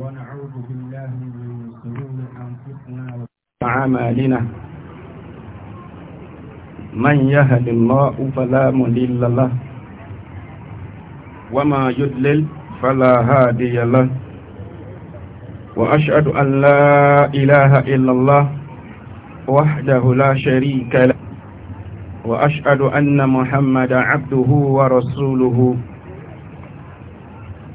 ونعوذ بالله من شرور أنفسنا وأعمالنا من يهد الله فلا مضل له وما يضلل فلا هادي له وأشهد أن لا إله إلا الله وحده لا شريك له وأشهد أن محمد عبده ورسوله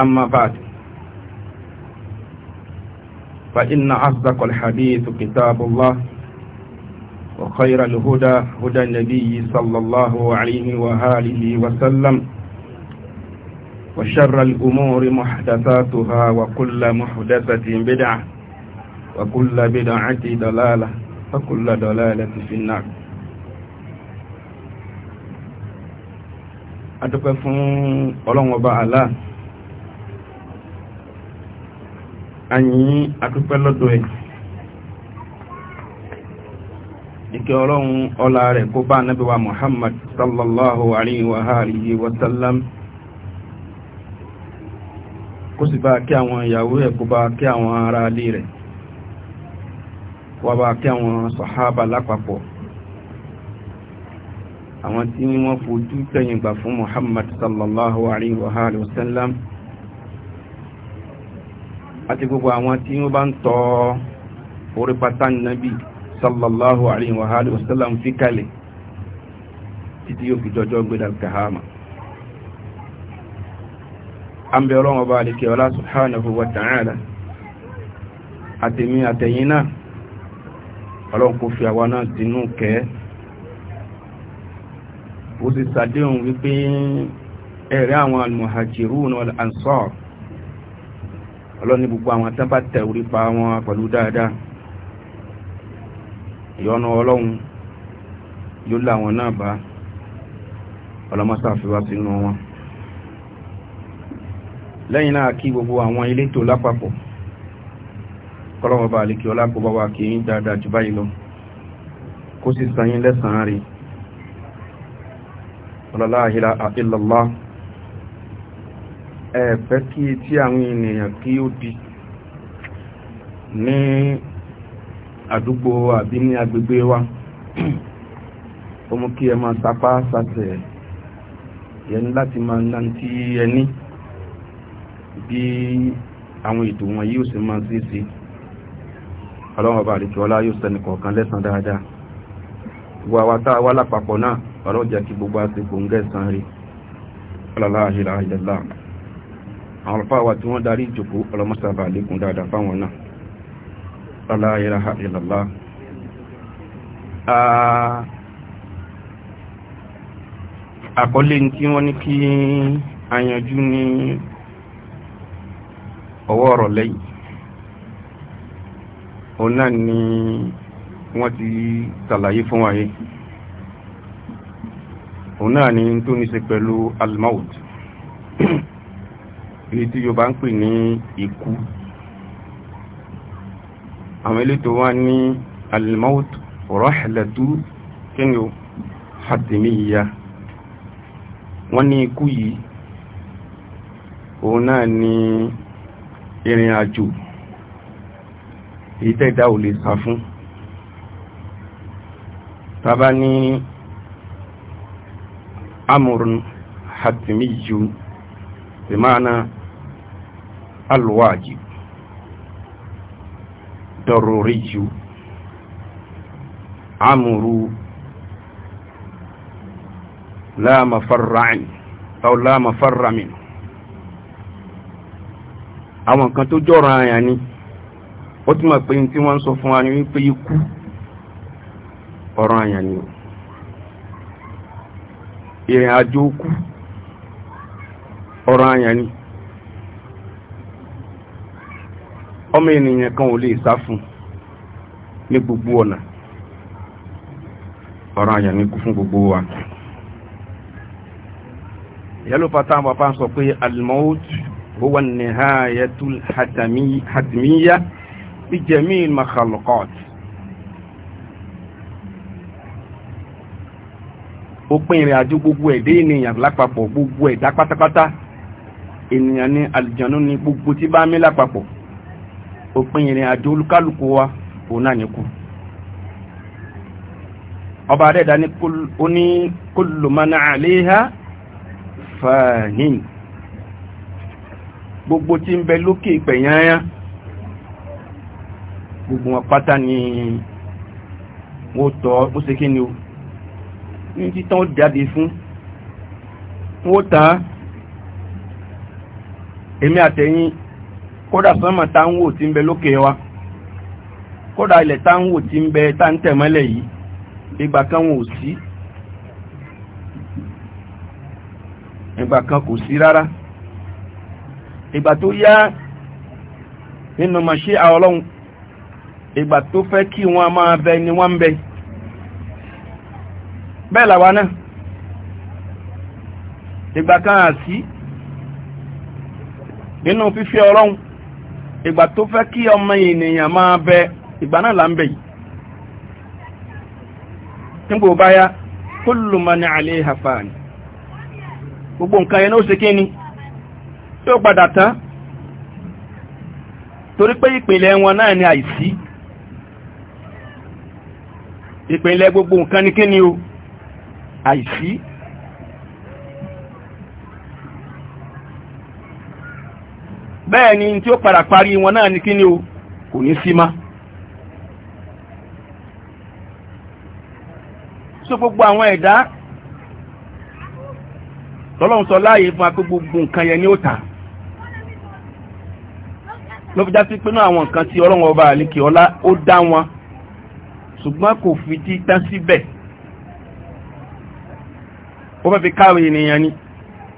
أما بعد فإن أصدق الحديث كتاب الله وخير الهدى هدى النبي صلى الله عليه وآله وسلم وشر الأمور محدثاتها وكل محدثة بدعة وكل بدعة دلالة، وكل دلالة في النار أتقفون قلوم وبعلا àyìn àdúpẹ́ lọ́dọ̀ ẹ̀ ìkẹ́ ọlọ́run ọlá rẹ̀ ko bá nabi wa Muhammad sallallahu alayhi wa alihi wa sallam kó sì bá kí àwọn ìyàwó ẹ̀ kó bá kí àwọn ará ilé rẹ̀ wá bá kí àwọn sàhábà lápapọ̀ àwọn tí wọ́n fojú tẹ̀yìn gbà fún Muhammad sallallahu alayhi wa alihi wa sallam àti gbogbo àwọn tí wọ́n bá ń tọ́ orí pátá nàbí sallallahu alayhi wa fi kalẹ̀ títí yóò fi jọjọ́ gbéra an bẹ̀rọ wọn bá lè kẹwàá subhanahu wa ta'ala àtẹ̀mí àtẹ̀yìn náà ọlọ́run kò fi àwa náà sínú kẹ́ ó sì sàdéhùn wípé ẹ̀rẹ́ àwọn ọlọ́ni gbogbo àwọn tán bá tẹ̀ orí pa wọn pẹ̀lú dáadáa ìyọnu ọlọ́run yóò láwọn náà bá ọlọ́mọ́sá fi wá sínú wọn lẹ́yìn náà kí gbogbo àwọn elétò lápapọ̀ kọ́lọ́wọ́ bá àlekí ọlápọ̀ bá wà kí ń dáadáa jù báyìí lọ kó sì sanyín lẹ́sàn-án rí ọlọ́lá àhílá àhílọ́lá ẹ̀fẹ́ kí etí àwọn ènìyàn kí ó di ní àdúgbò àbí ní agbègbè wa ó kí ẹ máa sapá sàtẹ̀ yẹn láti máa ná tí ẹ bí àwọn ètò wọn yóò sì máa sí sí ọlọ́wọ́n àríkẹ́ ọlá yóò sẹ́ni kọ̀ọ̀kan lẹ́san dáadáa gbogbo wá gbogbo rí ọlọ́lá àwọn alfáwà tí wọ́n darí ìjòkó ọlọ́mọ́sàbà lékún dáadáa fáwọn náà la ilaha illallah àkọlé tí wọ́n ní kí ayanjú ní ọwọ́ ọ̀rọ̀ lẹ́yìn òun náà ni wọ́n ti tàlàyé fún wáyé òun náà ni tó ní ṣe pẹ̀lú almaud ilé tí Yorùbá ń pè ní ikú àwọn elétò wá ní al-maut rahlatu kíni o hatimiyya wọ́n ní ikú yìí òun náà ni ìrìn àjò èyí tẹ́ẹ̀dá ò lè sá fún tàbá ní amúrùn hatimiyyu bimana alwajib daruriju amuru la mafarra an aw la mafarra min àwọn kan tó jọra àyàn ni ó túnmọ̀ pé tí wọ́n ń sọ fún wa ní wípé ikú ọ̀rọ̀ àyàn ni o ìrìn àjò kú ọ̀rọ̀ àyàn ni o ọmọ ènìyàn kan ò lè sá fún ní gbogbo ọ̀nà ọ̀rọ̀ àyàn ní fún gbogbo wa yẹ́lò pátá bàbá sọ pé al-maut huwa an-nihayatul hatmiyya bi jami' al-makhluqat ó pín ìrìn àjò gbogbo ẹ̀dẹ́ ènìyàn lápapọ̀ gbogbo ẹ̀dá pátápátá ènìyàn ní àlùjànnú ní gbogbo tí bá mí lápapọ̀ òpin ìrìn àjò olúkálùkù wa òun náà nìkú ọba adẹ́dà ní kullu man 'alayha fanin gbogbo tí ń bẹ lókè ìpẹ̀yányá gbogbo wọn pátá ni wọ́n tọ́ ó ṣe kí ni o ní títán ó jáde fún wọ́n tán èmi àtẹ̀yìn kódà sánmà tá ń wò tí ń bẹ lókè wa kódà ilẹ̀ tá ń wò tí ń bẹ tá ń tẹ̀mọ́lẹ̀ yìí ìgbà kan wọn ò sí ìgbà kan kò sí rárá ìgbà tó yá nínú màṣí àọlọ́run ìgbà tó fẹ́ kí wọ́n máa bẹ ni wọ́n ń bẹ bẹ́ẹ̀ làwa náà ìgbà kan àsí nínú fífẹ́ ọlọ́run ìgbà tó fẹ́ kí ọmọ ènìyàn máa bẹ ìgbà náà là ń bẹ yìí nígbò báyá kullu man 'alayha fan gbogbo nǹkan yẹn ó ṣe kí ni tó padà tán torí pé ìpìlẹ̀ wọn náà ni àìsí ìpìlẹ̀ gbogbo nǹkan ni kí ni o àìsí bẹ́ẹ̀ ni tí ó padà parí wọn náà ní kí ni o kò ní sí má so gbogbo àwọn ẹ̀dá tọ́lọ́run sọ láàyè fún apé gbogbo nǹkan yẹn ní ó tà ló fi já sí pínú àwọn nǹkan tí ọlọ́run ọba àlékè ọlá ó dá wọn ṣùgbọ́n kò fi títán síbẹ̀ ó fẹ́ fi ni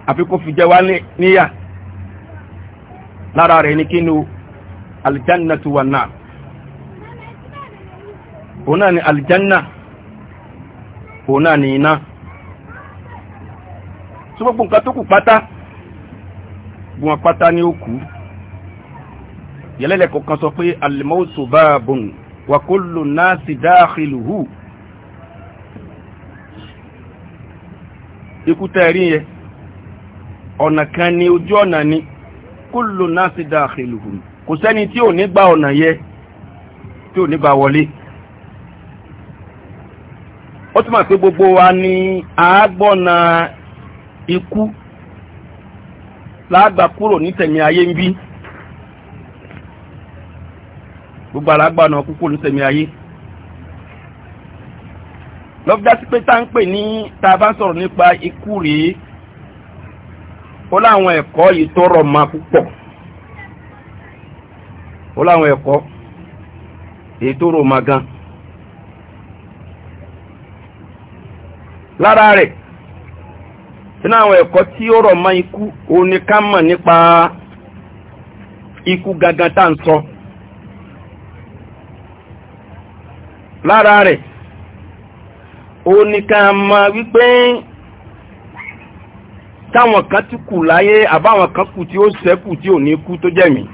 àfi kó fi jẹ wá lára rẹ̀ ní kínú aljannatu wa náà òun ni aljanna òun ni iná tí gbogbo nǹkan tó kù pátá bí wọn pátá ní ó kú yẹlẹ́lẹ̀ kọ̀ọ̀kan sọ pé alimọ́sù báàbùn wa kullu nasi dakhiluhu ikú tẹ́ẹ̀rí yẹ ọ̀nà kan ni ojú ọ̀nà ni kullu nasi dakhiluhum kò sẹ́ni tí ò ní gba ọ̀nà yẹ tí ò ní gba wọlé ó túmọ̀ pé gbogbo wa ni àágbọ́nà ikú láàgbà kúrò nítẹ̀mí ayé ń bí gbogbo alágbàna kúkú nítẹ̀mí ayé lọ́gbà sí pé tá ń pè ní tá a bá sọ̀rọ̀ nípa ikú rèé ó láwọn ẹ̀kọ́ yìí tó rọ̀ ma púpọ̀ ó láwọn ẹ̀kọ́ èyí tó rọ̀ ma gan lára rẹ̀ sínú àwọn ẹ̀kọ́ tí ó rọ̀ ma ikú òun nípa ikú gangan tá ń sọ lára rẹ̀ òun wípé táwọn kan ti kù láyé àbáwọn kan kù tí ó ṣẹ́kù tí ò ní kú tó jẹ̀mí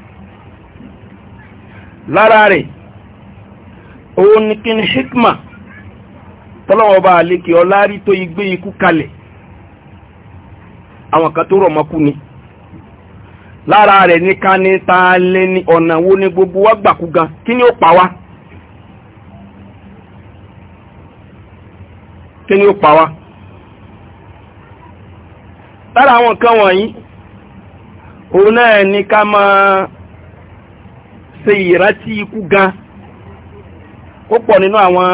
lára rẹ̀ òun ni kí ni hikma tọ́lọ́wọ́ bá àlékè ọlá rí tó igbé ikú kalẹ̀ àwọn kan tó rọ̀ mọ́kú ni lára rẹ̀ ní ká ní ta lé ní ọ̀nà wo ni gbogbo wa gbàkú gan kí ni ó pa wá kí ni ó pa wá lára àwọn nǹkan wọ̀nyí òun náà ní ká máa ṣe ìrántí ikú gan ó pọ̀ nínú àwọn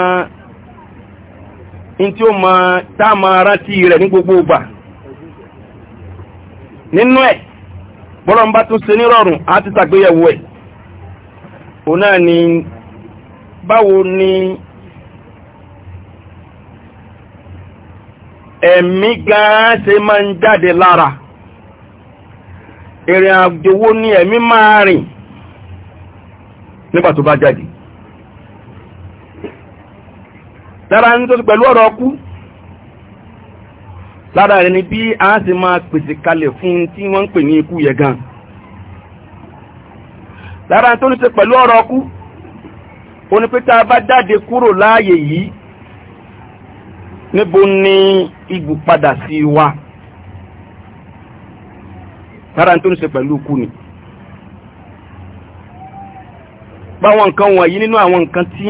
in tí ó ma dá máa rántí rẹ̀ ní gbogbo ìgbà nínú ẹ̀ bọ́lọ́n bá tún ṣe nírọ̀rùn á ti ṣàgbéyẹ̀wò ẹ̀ òun náà ni báwo ni ẹ̀mí gan ṣe máa ń jáde lára ìrìn àjò wo ni ẹ̀mí máa rìn nígbà tó bá jáde lára ní tó pẹ̀lú ọ̀rọ̀ ọkú lára rẹ̀ ni bí a ṣe máa pèsè kalẹ̀ fún tí wọ́n ń pè ní ikú yẹ gan lára tó ní ṣe pẹ̀lú ọ̀rọ̀ ọkú ó bá jáde kúrò láàyè yìí níbo ni igbó padà sí wa lára tó ń ṣe pẹ̀lú ikú ni báwọn nǹkan wọ̀nyí nínú àwọn nǹkan tí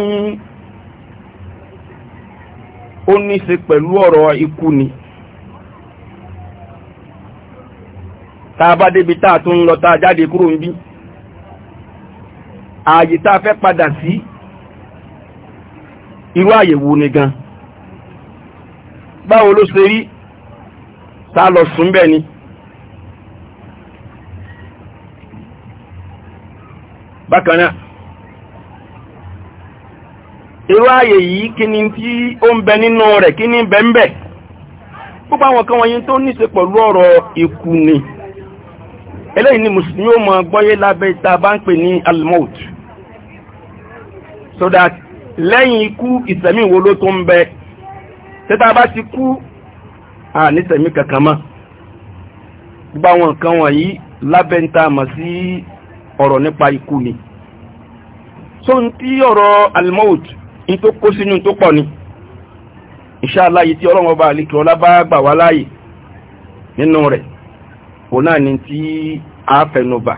ó ní ṣe pẹ̀lú ọ̀rọ̀ ikú ni tá a bá débi tá a tún lọ tá a jáde kúrò níbí ààyè tá a fẹ́ padà sí irú àyèwò ni gan-an báwo ló ṣe rí tá lọ sùn bẹ́ẹ̀ ni bákan náà irú ààyè yìí kí ni tí ó ń bẹ nínú rẹ̀ kí ni bẹ ń bẹ púpọ̀ àwọn kan wọ̀nyí tó níṣe pẹ̀lú ọ̀rọ̀ ikú ni eléyìí ni mùsùlùmí ó mọ gbọ́yé lábẹ́ ta bá ń pè ní almout so that lẹ́yìn ikú ìsẹ̀mí wo ló tó ń bẹ tẹ́tà bá ti kú à nítẹ̀mí kankan mọ́ gbogbo àwọn nǹkan wọ̀nyí lábẹ́ ń ta mọ̀ sí ọ̀rọ̀ nípa ikú ni so n tí ọ̀rọ̀ almout n tó kó sínú tó pọ̀ ni inshallah tí ọlọ́run ọba àlekè ọlá bá gbà wá láàyè nínú rẹ̀ òun náà ni tí a fẹnubà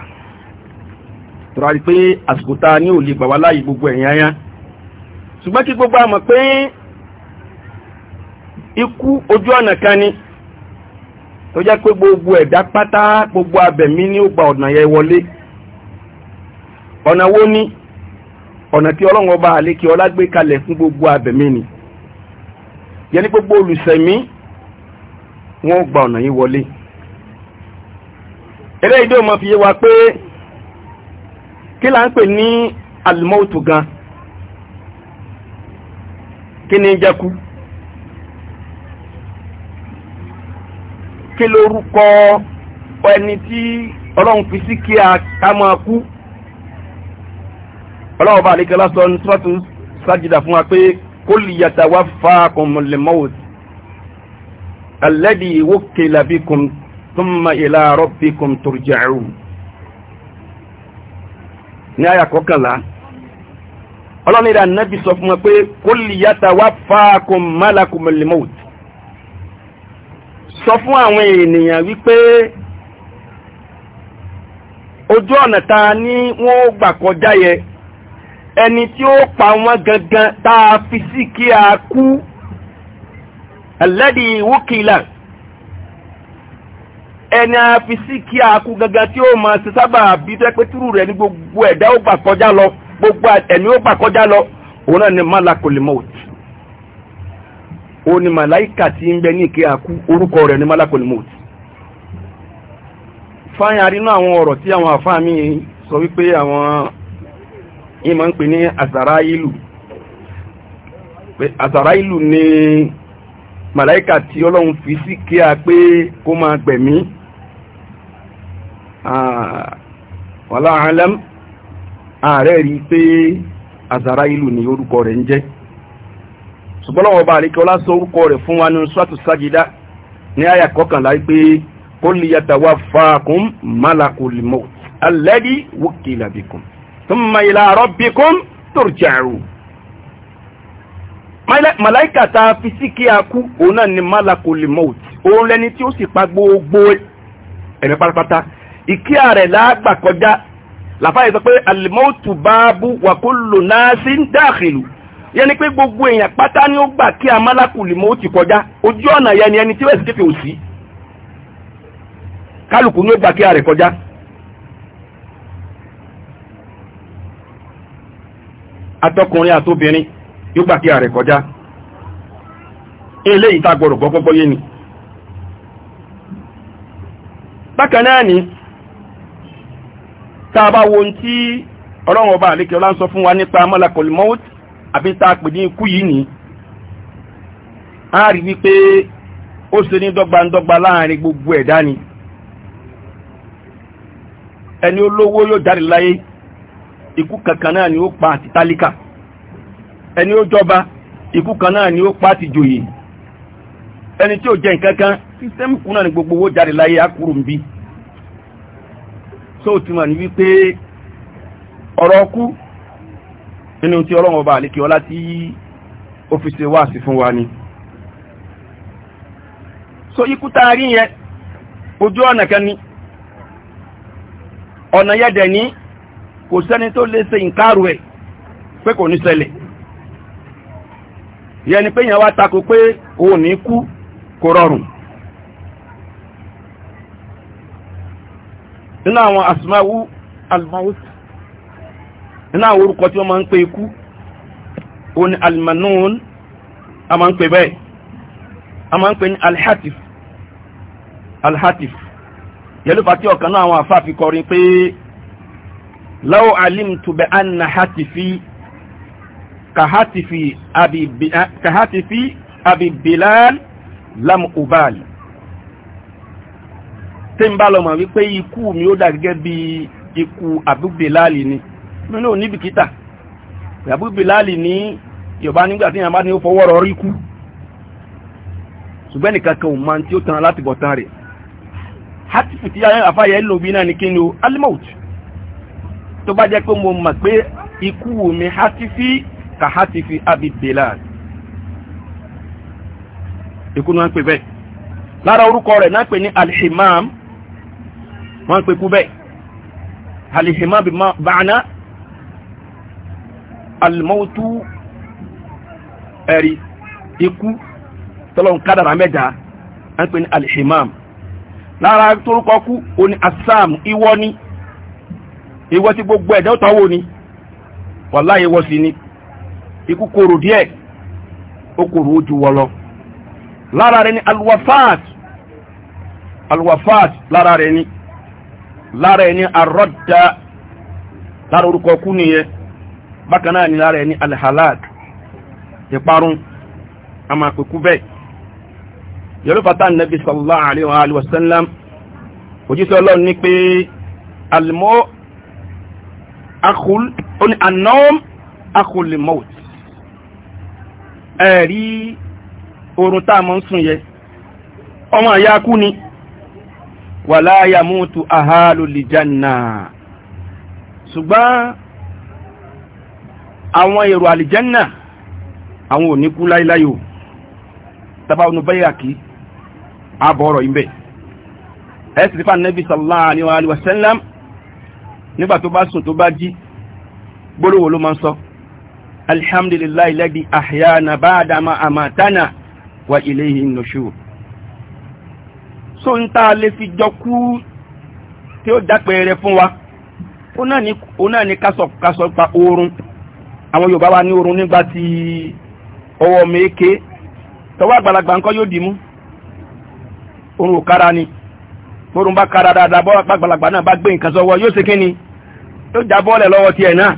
tọ́ra pé àsìkò tá a ní ò gbà wá láàyè gbogbo ẹ̀yìn ayá ṣùgbọ́n kí gbogbo àmọ̀ pé ikú ojú ọ̀nà kan ni tó jẹ́ pé gbogbo ẹ̀dá pátá gbogbo abẹ̀mí ní ó gba ọ̀nà yẹ wọlé ọ̀nà wo ni ọ̀nà tí ọlọ́run ọba àlékè ọlá gbé kalẹ̀ fún ni yẹ ní gbogbo olùsẹ̀mí wọ́n gba ọ̀nà yìí wọlé eléyìí dé mọ́ fi yé wa pé kí là ń pè ní almautu gan ni kí lórúkọ ẹni tí ọlọ́run fi sí kí a máa kú ọlọ́run bá àlékẹ́ lásán tíwátú sájídà fún wa pé kul yatawaffakumul maut alladhi wukkila bikum thumma ila rabbikum turja'un ní àyà kọkànlá ọlọ́run ìdá nẹ́bí sọ fún wa pé kul yatawaffakum malakumul maut sọ fún àwọn ènìyàn wípé ojú ọ̀nà ta ni wọ́n gbà kọjá yẹ ẹni tí ó pa wọ́n gangan tá a fi sí kí a kú ẹlẹ́dì wúkìlà ẹni a fi sí kí a kú gangan tí ó máa ṣe sábà bí tó pé ní gbogbo ẹ̀dá ó gbà kọjá lọ gbogbo ẹ̀mí ó gbà kọjá lọ òun náà ni malakul ó ní màláìkà tí ń bẹ ní ìké àkú orúkọ rẹ̀ ní malakul mọ́tì fáyín àrínú àwọn ọ̀rọ̀ tí àwọn àfáà sọ wípé àwọn ìmọ̀ ń pè ní àsàráìlù àsàráìlù ni màláìkà tí ọlọ́run fi sí kí a pé kó máa gbẹ̀mí wàlá àlẹ́m ààrẹ rí pé àsàráìlù ni orúkọ rẹ̀ ń jẹ́ ṣùgbọ́n ọba àríkẹ́ ọlá sọ orúkọ rẹ̀ fún wa ní ṣọ́tù ságídá ní àyà kọkànlá pé kó lè yàtà wá fàákùn malakul maut alladhi wukila bikum thumma ila rabbikum turja'un màláìkà tá a fi sí kí a kú òun náà ni malakul maut òun tí ó sì pa gbogbo ẹ̀mí pátápátá ìkíyà rẹ̀ lágbà làfáà yìí sọ pé al-mautu babu wa kullu nasin dakhilu yẹni pé gbogbo èèyàn pátá ni ó gbà kí amálàkùlì ó ti kọjá ojú ọ̀nà yẹn ni ẹni tí wẹ́ẹ̀sì kéfì ò sí kálukú ni ó gbà kí a rẹ̀ kọjá. atọkùnrin àtobìnrin yóò gbà kí a rẹ̀ kọjá eléyìí tá a gbọ́dọ̀ gbọ́ gbọ́gbọ́ yé ni. bákan náà ni tá a bá wo ohun tí ọlọ́run ọba àlékè ọlá ń sọ fún wa nípa amálàkùlì ó ti àbí tá a pè ní ikú yìí ni a rí wípé ó ṣe ní dọ́gbandọ́gba láàrin gbogbo ẹ̀dá ni ẹni olówó yóò jáde láyé ikú kankan náà ni ó pa àti tálíkà ẹni ó jọba ikú kan náà ni ó pa àti jòyè ẹni tí ó jẹ nǹkan kan sísẹ́mù kú náà ni gbogbo owó jáde láyé akúrò ń bí so ó ti mọ̀ ní wípé ọ̀rọ̀ ọkú nínú tí ọlọ́run ọba àlékè ọlá tí ó fi ṣe wá sí fún wa ni so ikú tá yẹn ojú ọ̀nà kan ni ọ̀nà yẹn dẹ̀ ní kò sẹ́ni tó lè ṣe ìkárù ẹ̀ pé kò ní ṣẹlẹ̀ yẹn ni pé yẹn wá tako pé òun ní kú kò rọrùn nínú àwọn asmawu almawus nínú àwọn orúkọ tí wọ́n máa ń pe ikú ó ní almanun a máa ń pe bẹ́ẹ̀ a máa ń pe ní alhatif alhatif yẹlúfà tí ọ̀kan náà àwọn àfáà kọrin pé law alimtu bi anna hatifi ka hatifi abi ka hatifi abi bilal lam ubal tí n bá lọ mọ̀ wípé ikú mi ó dà gẹ́gẹ́ bí ikú abu ni mi náà níbi kíta ìyàbú bilali ní yorùbá nígbà tí yàrá ní ó fọwọ́ rọrí kú ṣùgbọ́n nìkan kan tí ó tanra láti bọ̀ rẹ̀ hatifu tí afáyẹ ń lò náà ní kí ni o alimout tó bá jẹ́ pé mo mọ̀ pé ikú mi hatifi ka hatifi abi bilali ikú ni wọ́n pè bẹ́ẹ̀ lára orúkọ rẹ̀ náà pè ní alhimam wọ́n pè kú bẹ́ẹ̀ alhimam ba'ana alimọ́tú ẹ̀rí ikú tọ́lọ́n kádàrà mẹ́ta à ń pè ní alihimam lára torúkọ kú o ní asam iwọ ní iwọ tí gbogbo ẹ̀dá ọ̀tọ̀ wo ni wàláyé wọ́ sí ni ikú korò díẹ̀ ó korò ojú wọ lára rẹ ní alwafat alwafat lára rẹ ní lára rẹ ní arọ́dà lára orúkọ kú nìyẹn bákan náà ni lára ẹni alhalak ìparun a máa pẹ̀kú bẹ́ẹ̀ yọlúfàtà nàbí sallallahu alaihi wa sallam òjíṣẹ́ ọlọ́run ní pé almọ́ akul oní anom akulimot ẹ̀rí oorun tá a mọ́ ń sùn yẹ ọmọ ìyá kú ni wala yamutu ahalu lijanna ṣùgbọ́n àwọn èrò àlìjẹ́nà àwọn òníkú láíláyò tàbá ọnù bẹ́yà kí àbọ̀rọ̀ ìbẹ̀ ẹ̀sìtífà nẹ́bí sallallahu alaihi wa sallam nígbà tó bá sùn tó bá jí gbólówó ló máa ń sọ alhamdulillahi alladhi ahyana so ń tá a fi jọ kú tí ó dápẹ̀ẹ́rẹ fún wa ó náà ní ká oorun àwọn Yorùbá wa ní oorun nígbà tí ọwọ́ ọmọ èké tọwọ́ àgbàlagbà ńkọ́ yóò dì mú ò kára ni oorun bá kára dáadáa bọ́ àgbàlagbà náà bá gbé nǹkan sọ́wọ́ yóò ṣe kíni yóò já bọ́ọ̀lẹ̀ lọ́wọ́ tiẹ̀ náà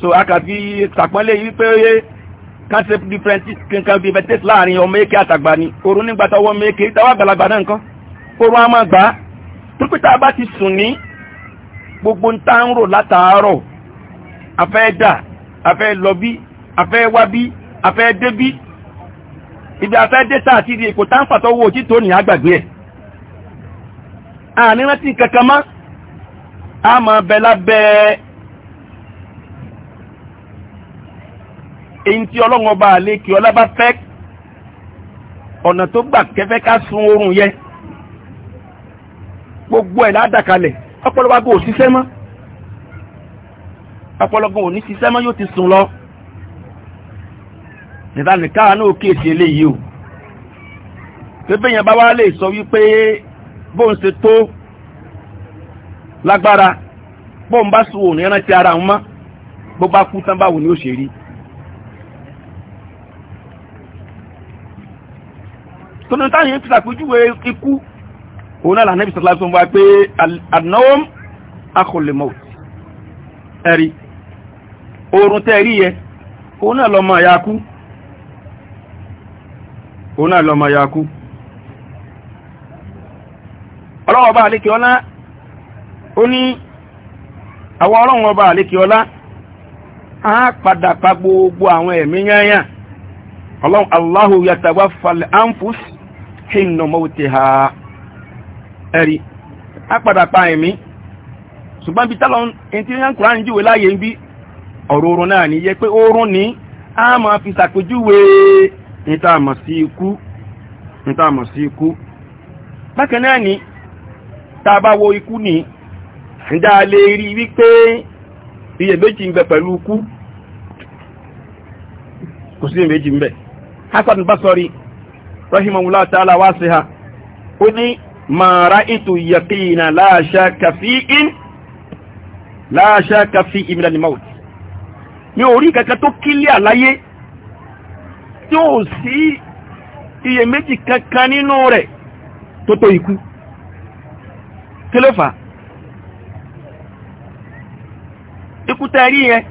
so a kà fi sàpọ́nlé yìí pé concept different kankan bíi vetes láàrin ọmọ èké àtàgbà ni oorun nígbà tọwọ́ ọmọ èké tọwọ́ àgbàlagbà náà ńkọ́ oorun á gbà á bá ti sùn ní gbogbo ń rò látàárọ̀ afẹ́ dà afẹ́ lọ bí afẹ́ wá bí afẹ́ dé bí ibi afẹ́ dé sáà ti di èkó táǹfà tó wò tí tó ní àgbàgbé ẹ̀ àní rántí kankan mọ́ a máa bẹ lábẹ́ èyí tí ọlọ́run ọba àlékè ọlá bá fẹ́ ọ̀nà tó gbà kẹfẹ́ ká sun oorun yẹ gbogbo ẹ̀ ládàkalẹ̀ ọpọlọpọ agbó òṣìṣẹ́ mọ́ ọ̀pọ̀lọpọ̀ òní ti sẹ́mọ́ yóò ti sùn lọ nìtanìká náà kéèsì eléyìí o pépé yẹn bá wá lè sọ wípé bóun ṣe tó lágbára bóun bá sùn òní rántí ara ń mọ́ bó bá kú tán báwo ni ó ṣe rí tọ́nà táyẹ̀ ń fi ṣàpèjúwe ikú òun náà lànà ìbísọ̀lá tó ń wá pé anáwó akọlẹ̀mọ́ ẹ̀rí orun tẹ́ rí yẹ òun náà lọ́mọ àyàkú òun náà lọ́mọ àyàkú ọlọ́wọ́ bá àlékè ọlá ó ní ọlọ́wọ́ bá gbogbo àwọn ẹ̀mí yányà ẹ̀rí padà pa ẹ̀mí ṣùgbọ́n bí tálọ́ ọ̀rọ̀ oorun náà ní yẹ pé oorun ní a máa fi ṣàpèjúwe nítàmọ̀ sí sí ikú bákan náà ni tàbáwo ikú ní ìdá lè rí wípé iyèméjì ń bẹ pẹ̀lú ikú kò sí iyèméjì ń bẹ Hasan Basori rahimahullah ta'ala wá sí ha ó ní ma ra'itu yaqina la shakka fi'in la shakka fi'in min maut ní orí kankan tó kílé àláyé tí ó sí iyèméjì kankan nínú rẹ̀ tó tó ikú kí ló fà ikú rí yẹn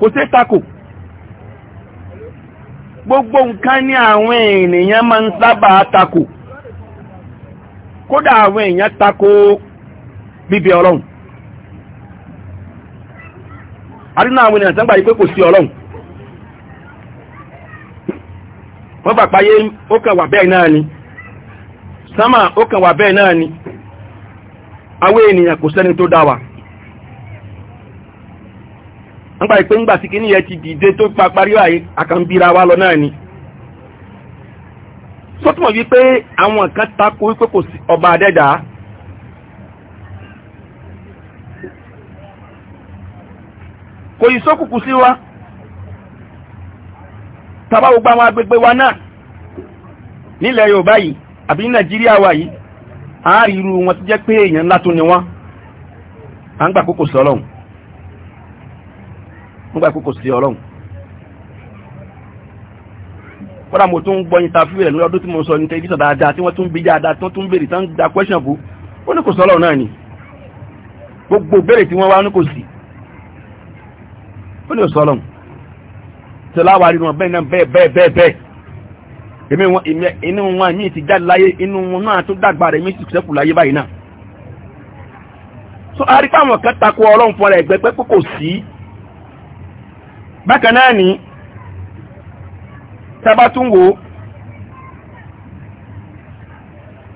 kò sí tako gbogbo nǹkan ní àwọn ènìyàn máa ń sábà takò kódà àwọn èèyàn tako bíbí ọlọ́run àrínà àwọn ènìyàn tán gbà yí pé kò sí ọlọ́run wọ́n gbà páyé ó kàn wà bẹ́ẹ̀ náà ni sámà ó kàn wà bẹ́ẹ̀ náà ni àwọn ènìyàn kò sẹ́ni tó dá wa wọ́n gbà pé sí ti dìde tó pa parí àkànbíra lọ náà ni wípé àwọn kan wípé kò sí ọba adẹ́dàá kò yí sókùnkùn sí wa tàbá gbogbo àwọn agbègbè wa náà nílẹ̀ Yorùbá yìí àbí ní Nàìjíríà wa yìí àárírú wọn ti jẹ́ pé èèyàn ńlá tó ni wọ́n à ń gbà kókò sí Ọlọ́run ń gbà kókò sí Ọlọ́run kódà mo tún gbọ́ interview rẹ̀ lọ́dún tí mo sọ ní tẹlifíṣàn dáadáa tí wọ́n tún bí dáadáa tí wọ́n tún béèrè tán da question fún ó ní kò sí náà ni gbogbo béèrè tí wọ́n wá ní kò sí ó ní òsọ ọlọ́run tí láwàá rí wọn bẹ́ẹ̀ náà bẹ́ẹ̀ bẹ́ẹ̀ bẹ́ẹ̀ bẹ́ẹ̀ èmi wọn inú wọn mi ti jáde láyé inú wọn náà tó dàgbà rẹ̀ mi sì sẹ́kù láyé báyìí náà so a rí fáwọn kan takò ọlọ́run fún ọ̀rẹ́ ẹ̀gbẹ́ pé kò sí bákan náà ni tábà tún wò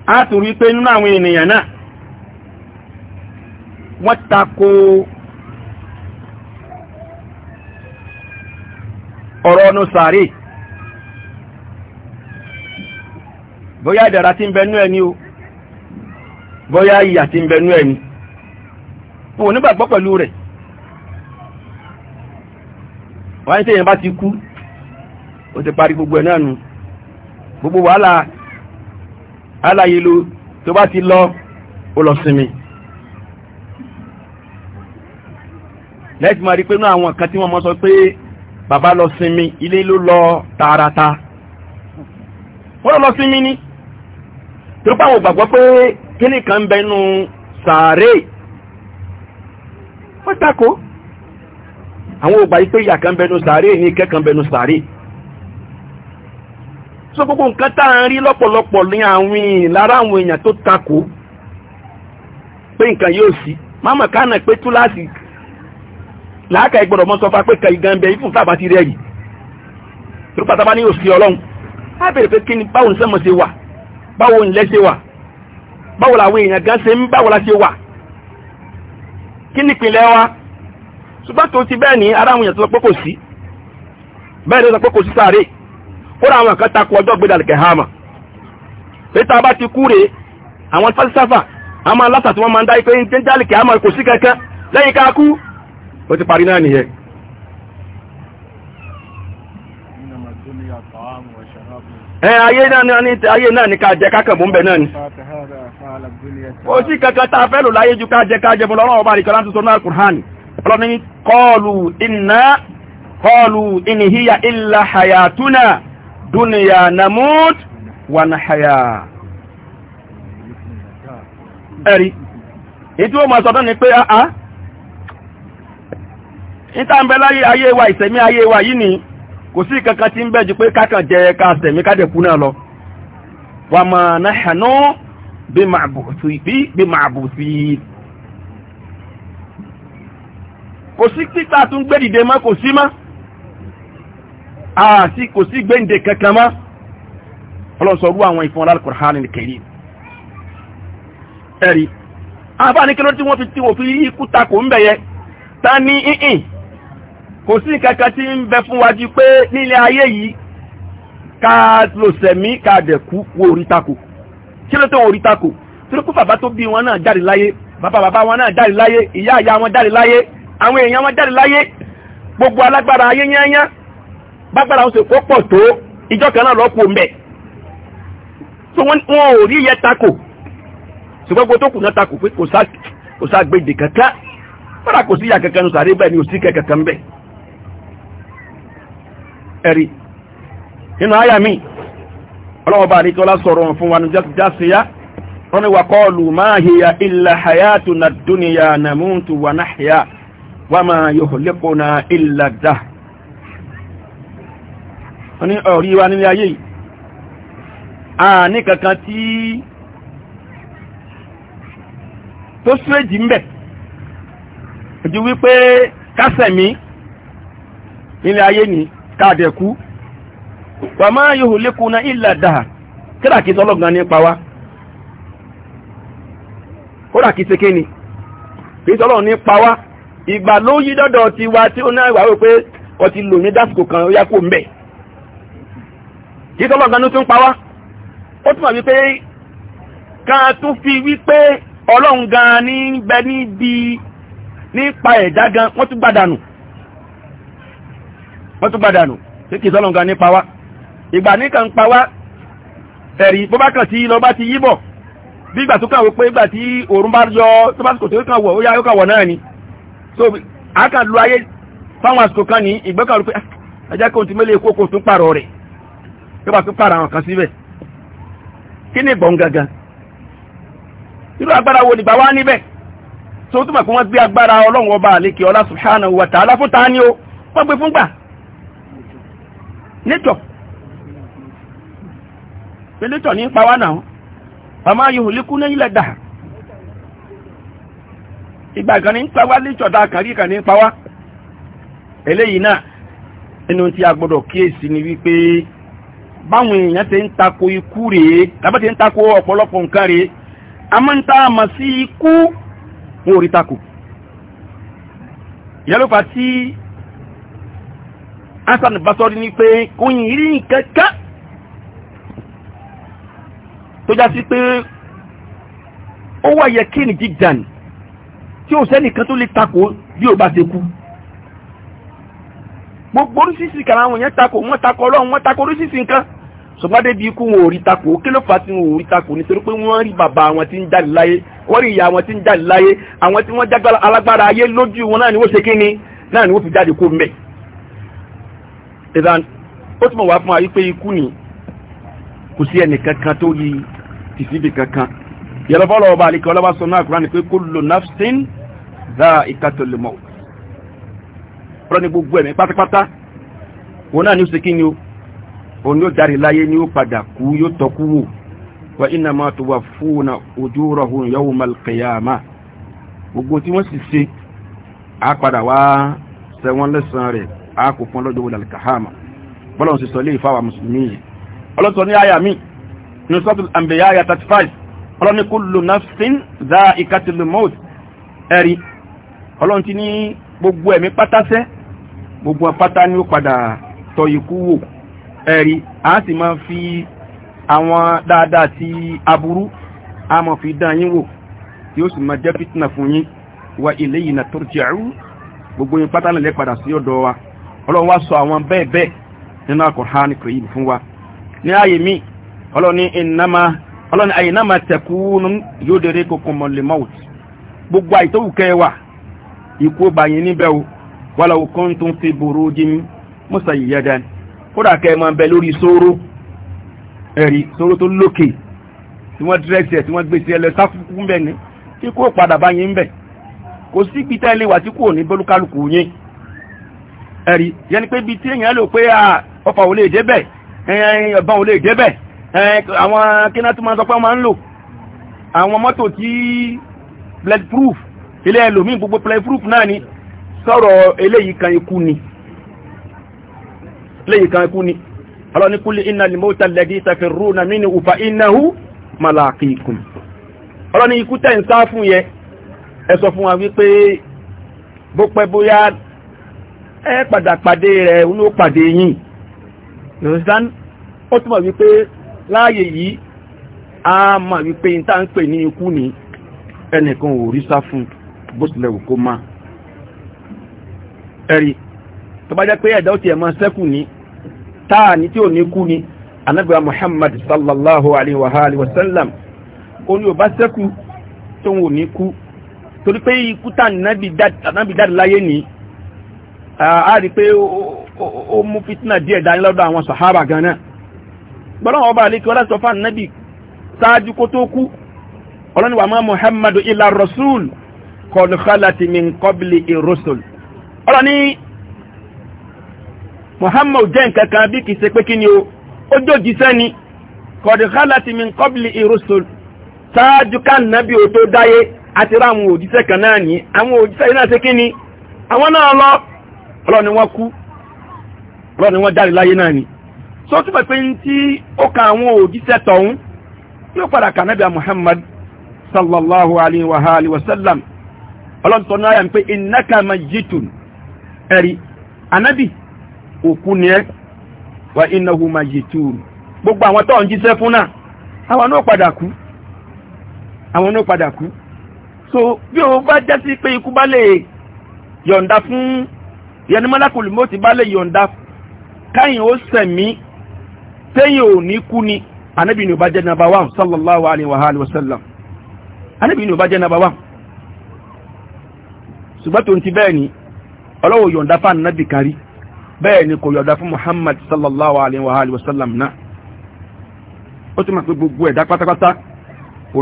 á tún rí pé nínú àwọn ènìyàn náà wọ́n takò ọ̀rọ̀ ọ̀nà sàárè bóyá ìdẹ̀ra tí ń bẹnú ẹni o bóyá ìyà tí ń bẹnú ẹni wọn nígbàgbọ́ pẹ̀lú rẹ̀ wọ́n ní tẹ́yìn bá ti kú ó ti parí gbogbo ẹ̀ náà nù gbogbo wàhálà aláyèlò tó bá ti lọ ó lọ sinmi lẹ́tì máa rí pé ní àwọn kan tí wọ́n mọ́ sọ pé Baba lọ sinmi ilé ló lọ tààràtà wọ́n lọ sinmi ní tó bá wọ́n gbàgbọ́ pé kíní kan bẹnu sàárè wọ́n tako àwọn ògbà ipé ìyà kan bẹnu sàárè ní ìkẹ́ kan bẹnu sàárè so gbogbo nǹkan tá à ń rí lọ́pọ̀lọpọ̀ ní àwọn èèyàn lára àwọn èèyàn tó tako pé nǹkan yóò sí mámọ̀kánà pé túláàsì láàkà ìgbọ̀dọ̀ mọ́ sọfá pé kẹ ìgan bẹ ìfún tàbá ti rẹ̀ yìí tó pátápá ní òsì ọlọ́run á bèèrè pé kí ni báwo sẹ́mọ̀ ṣe wà báwo ṣe wà báwo la ṣe wà kí ni wa ṣùgbọ́n tó ti bẹ́ẹ̀ àwọn èèyàn sọ pé kò sí bẹ́ẹ̀ sọ pé kò sí sáré àwọn kan takò ọjọ́ hàmà pé tá a bá ti kúrè àwọn àwọn alásà tí wọ́n máa ń dá ń ó ti parí náà nìyẹn ẹ ayé náà ní ayé náà ní ká jẹ kákàbù ń bẹ náà ni ó sì kankan tá fẹ́ lò láyé ju ká jẹ ká jẹ bọ́ lọ́rọ̀ ọba nìkan láti sọ́nà al ọlọ́ni kọlù iná kọlù ìníhíyà ilá hayatuna dúnìyà namud wà ní ẹ̀rí ìtí ó sọ́dọ́ ni pé àá níta ń bẹ láyé ayé wa ìsẹ̀mí ayé wa yìí kankan ti ń bẹ jù pé kákan jẹ ká sẹ̀mí ká náà lọ wà mọ̀ náà hànú bí máa bù sí i kò sí títà tún gbé dìde mọ́ kò sí mọ́ àti kò sí gbéǹde kankan mọ́ ọlọ́sọ̀rú àwọn ẹ̀rí àbáníkẹ́lọ́ tí wọ́n fi ta ní ìhìn kò sí kankan tí ń bẹ fún wa ju pé nílé ayé yìí ká lò sẹ̀mí ká dẹ̀kú wo orí tako kí ló tó orí tako torí pé bàbá tó bí wọn náà jáde láyé bàbá bàbá wọn náà jáde láyé ìyá ìyá wọn jáde láyé àwọn èèyàn wọn jáde láyé gbogbo alágbára ayé yányá bágbára wọn sì kó pọ̀ tó ìjọ kan náà lọ́pọ̀ mbẹ̀ so wọn ò rí yẹ tako ṣùgbọ́n tó kù náà tako pé kò sá gbèdè kankan fọ́nà kò sí ìyá kankan nù sàrí bẹ́ẹ̀ ni ò sí kẹ kankan bẹ́ẹ̀. ẹ̀rí nínú àyà mi ọlọ́wọ́ bá ọlá sọ̀rọ̀ fún wa ni wà máa hìyà ilẹ̀ hayatu na dúnìyà na wà náà hìyà wà máa yóò na ilẹ̀ dá ni ọ̀rí wa nílé ayé a ní kankan tí tó ayé ni káàdẹ̀kú wà máa yóò lékun náà ìlà dáa kí tọ́lọ́gbọ̀n nípa wá kódà kìí seké ni nípa wá ìgbà ló yí dọ́dọ̀ ti wa tí ó náà wà pé ọ ti lò ní dásìkò kan ó yá kó mbẹ̀ kí tọ́lọ́gbọ̀n tó ń pa wá ó túnmọ̀ wípé ká tún tún wọ́n tún gbàdànù tí kì sọ́lọ̀ nǹkan nípa wá ìgbà níkan pa wá ẹ̀rí bó bá kàn sí lọ bá ti yíbọ̀ bí ìgbà tó kàn wó pé ìgbà tí òòrùn bá yọ tó bá sòkòtò kàn wọ̀ ó yá ó kàn wọ̀ náà ni so a kàn lu ayé fáwọn àsìkò kan ní ìgbẹ́kàn rú pé ah, ẹjẹ́ kó ti mélé kókó tún pààrọ̀ ni ìgbọ̀n gangan irú agbára wo nìgbà wá níbẹ̀ tó túmọ̀ pé wọ́n gbé agbára ọlọ́run ọba àlékè ọlá subhanahu wa fún ta ni ó wọ́n gbé fúngbà nature pé nature ní pa wá náà ọmọ ayòhùn líkú ní ilẹ̀ dà ìgbà ní pa wá nature dá ní pa wá eléyìí náà inú tí a gbọ́dọ̀ ni wípé báwọn èèyàn ti ń tako ikú rèé tàbí a ń tá a mọ̀ sí Hasan Basori ni pe kò yìn rí nǹkan kan tó já sí pé ó wà yẹ kí ni jíjà ni tí ò sẹ́nìkan tó lè takò bí ò bá ṣe kú gbogbo oríṣiríṣi kan àwọn èèyàn takò wọ́n takò ọlọ́run wọ́n takò oríṣiríṣi nǹkan ṣùgbọ́n débi ikú wọn ò rí takò kí ló fà á tí wọn ò rí takò nítorí pé wọ́n rí bàbá wọn tí ń jáde láyé wọ́n rí ìyá wọn tí ń jáde láyé àwọn tí wọ́n jágbára ayé lójú wọn náà ni wọ́n ṣe kí ni náà ni wọ́n fi jáde kó mbẹ́ ìdán ó túnmọ̀ wá fún wa wípé ikú ni kò sí ẹnì kankan tó yí tìsíbì kankan yẹlẹbọ́lọ̀ ọba àlekẹ́ ọlọ́ba sọ náà kúránì pé kullu nafsin dha'iqatul maut ọ̀rọ̀ ní gbogbo ẹ̀mí pátápátá wọn náà ní ó ṣe kí ni ó òun yóò jáde láyé ni ó padà kú yóò tọ́kú wò wa innama tuwaffuna ujurahum yawmal qiyamah gbogbo tí wọ́n sì ṣe á padà wá sẹ́wọ́n lẹ́sàn rẹ̀ a kò fún ọlọ́jọ́ wọlé alikahama bọ́lá òsì sọ ilé ìfáwà mùsùlùmí yìí ọlọ́sọ ní àyà mi ní sọ́tù àmbẹ̀yà àyà 35 ọlọ́ni kullu nafsin dá ìkàtìlú mọ́t ẹ̀rí ọlọ́run ti ní gbogbo ẹ̀mí pátáṣẹ́ gbogbo pátá ni ó padà tọ ikú wò ẹ̀rí a sì máa fi àwọn dáadáa ti aburú a máa fi dán yín wò tí ó sì máa jẹ́ fìtínà fún yín wa ilayna turja'u gbogbo yín pátá nílẹ̀ padà sí ọ̀dọ̀ wa ọlọ́run wá sọ àwọn bẹ́ẹ̀ bẹ́ẹ̀ nínú Al-Qur'an Karim fún wa ní ààyè mi ọlọ́ni ìnáma ọlọ́ni àyìnáma tẹ̀kúnú yóò dèrè kòkò mọ̀lẹ́mọ́t gbogbo àìtọ́wù kẹwà ikú bàyìn níbẹ̀ o wàlà òkun tó ń fi bòrò jími mọ́sà yìí dání kódà kẹ́ máa bẹ lórí sóró ẹ̀rí sóró tó lókè tí wọ́n dírẹ́sì ẹ̀ tí wọ́n gbèsè ẹlẹ́ sáfùkú bẹ́ẹ̀ ni tí padà báyìí ń bẹ̀ kò sí gbítẹ́lẹ̀ wà tí kò ní bọ́lúkálùkù yín ẹ̀rí yẹni pé bí tí èyàn lò pé ọfà ò lè débẹ̀ ọ̀bọ̀n ò lè débẹ̀ àwọn kíná tí ma sọ pé wọ́n máa ń lò àwọn mọ́tò tí bloodproof ilé ẹlòmí gbogbo bloodproof náà ni sọ̀rọ̀ eléyìí kan ikú ni eléyìí kan ikú ni ọlọ́ni kúlé iná lè mọ́ta lẹ́dí tafirruna mínú ufa ináhú malaqikum ọlọ́ni ikú tẹ́ ń sá fún yẹ ẹ sọ fún wa wípé bó pẹ́ bóyá ẹ pàdé rẹ̀ ní ó pàdé yìí lọ́sán ó túnmọ̀ wípé láàyè yìí a ma wípé ní táǹpẹ̀ ní ikú ní ẹnìkan ò rí sá fún bó tilẹ̀ tó bá jẹ́ pé ti ẹ̀mọ́ sẹ́kù ní táà ní sallallahu alaihi wa sallam ó ní ò bá sẹ́kù tó ń wò ní kú torí pé ikú tá Ah, a rí pé ó mú fitna díẹ̀ dání lọ́dọ̀ àwọn sàhábà gan náà gbọ́dọ̀ ọba àlékè ọlá sọ fún ànábì ṣáájú kó tó kú ọlọ́niwà máa muhammadu ila rasul qad khalat min qabli ar-rusul ní muhammadu jẹ́ nǹkan kan bí kìí ṣe pé kí ni o ó jòjíṣẹ́ ni qad khalat min qabli ar-rusul ká nàbí o tó dáyé àti ráwọn òjíṣẹ́ kan náà ní àwọn òjíṣẹ́ yìí náà ṣe kí ni àwọn náà lọ ọlọ́run ni wọ́n kú ọlọ́run ni láyé náà ni so túbọ̀ pé ní tí ó ka àwọn òjíṣẹ́ tọ̀hún yóò padà kà nábì Muhammad sallallahu alayhi wa alihi wa sallam ọlọ́run tọ́ náà ń pé innaka majitun ẹ̀rí anábì òkú ni ẹ́ wa innahu majitun gbogbo àwọn tó ń jíṣẹ́ fún náà àwọn náà padà kú àwọn náà padà kú so bí o bá jẹ́ sí pé ikú bá lè yọ̀ǹda fún yẹni mọ́lákùlù mọ́ ti bá lè yọ̀ǹda káyìn ó sẹ̀mí tẹ́yìn ò ní kú ni anábì ni ò bá jẹ́ nàbà wà sallallahu alaihi wa alihi wa sallam anábì ni ò bá jẹ́ nàbà wà ṣùgbọ́n tó ń ti bẹ́ẹ̀ ni ọlọ́wọ́ yọ̀ǹda fún anábì kárí bẹ́ẹ̀ ni kò yọ̀ǹda fún Muhammad sallallahu alaihi wa alihi wa sallam náà ó tún máa pé gbogbo ẹ̀dá pátápátá ni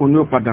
ó ní ó padà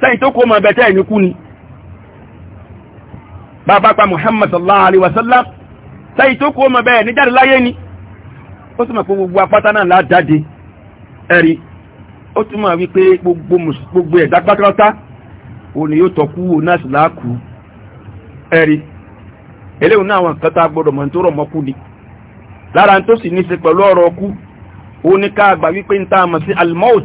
sẹ́yìn tó kó mọ̀ bẹ̀tẹ́ ẹ̀yìn kú ni bàbá pa Muhammad sallallahu alaihi wasallam sẹ́yìn tó kó mọ̀ bẹ̀ẹ̀ ní jáde láyé ni ó túnmọ̀ pé gbogbo apáta náà ládáde ẹ̀rí ó túnmọ̀ wípé gbogbo ẹ̀dá pátápátá òun ni yóò tọ́kú òun náà sì láàkú ẹ̀rí eléhùn náà àwọn kẹta gbọdọ̀ mọ̀ tó rọ̀ mọ́kú ni lára tó sì ní ṣe pẹ̀lú ọ̀rọ̀ ọkú òun ni ká àgbà wípé ń tá mọ̀ sí almout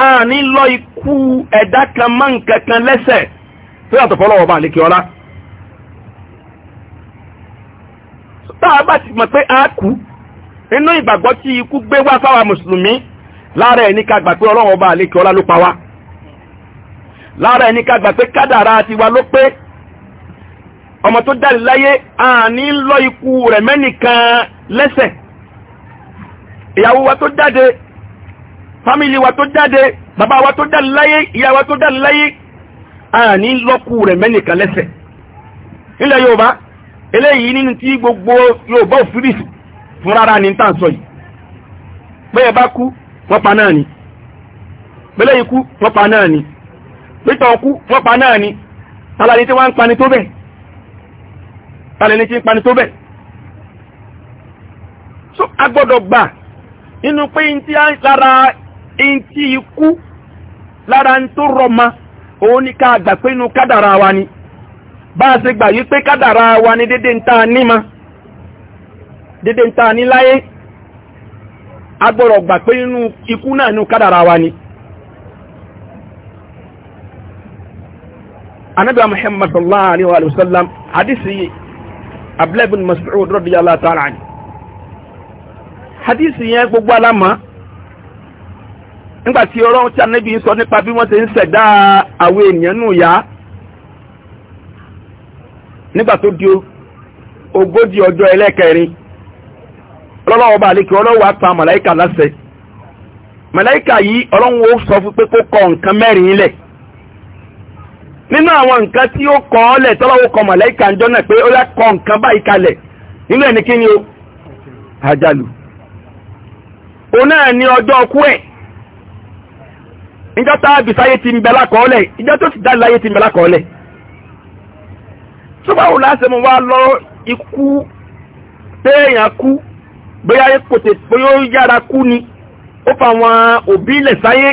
a ní lọ ikú ẹ̀dá kan máa ń kankan lẹ́sẹ̀ tó yàtọ̀ fọ́lọ́wọ́ bá lékè ọlá tá bá ti mọ̀ pé a kú nínú ìgbàgbọ́ tí ikú gbé wá fáwa mùsùlùmí lára ẹni ká gbà pé ọlọ́wọ́ bá lékè ọlá ló pa wá lára ẹni ká gbà pé kádàrá tiwa ló pé ọmọ tó jáde láyé àní lọ ikú rẹ̀ mẹ́nìkan lẹ́sẹ̀ ìyàwó wa tó jáde fámílì wa tó jáde bàbá wa tó dá láyé ìyá wa tó dá láyé a ní lọ́kù rẹ̀ mẹ́nìkan lẹ́sẹ̀ nílẹ̀ Yorùbá eléyìí nínú tí gbogbo Yorùbá òfìrìsì fún rárá ní tàn sọ yìí bẹ́ẹ̀ bá kú wọ́n pa náà ni ikú wọ́n pa náà ni pétọ̀ kú wọ́n pa náà ni tí wọ́n ń pani tó bẹ̀ tí ń pani tó bẹ̀ so agbọ́dọ̀ gbà nínú pé lára ntí ikú lára ń tó rọmọ òun ní ká gbà pé inú kádàrá wa ni bá a ṣe gbà yí pé kádàrá wa ni dédé ń ta ní ma dédé ń ta ní láyé a gbọ́dọ̀ gbà pé inú ikú náà inú kádàrá wa ni. anabi muhammad sallallahu alaihi wa sallam hadisi abdullahi bin mas'ud radiyallahu ta'ala hadisi yẹn gbogbo alama nigbati ọrọ ọ̀rọ̀ tí anábì ń sọ nípa bí wọ́n ti ń àwọn ènìyàn nù yá nígbà tó di ogójì ọjọ́ ẹlẹ́kẹrin ọlọ́wọ́ bá lè kí yìí ó sọ fún pé kó kọ nǹkan nínú àwọn nǹkan tí ó kọ kọ ń pé ó kọ nǹkan báyìí ni o àjálù òun ìjọ tá a bìsáyé ti ń bẹ lákọọ́lẹ̀ ìjọ tó ti jáde láyé ti ń bẹ lákọọ́lẹ̀ tó báwo láti mú wá lọ ikú téèyàn kú bóyá kò tè bóyá ó yára kú ni ó fa àwọn òbí ilẹ̀ sáyé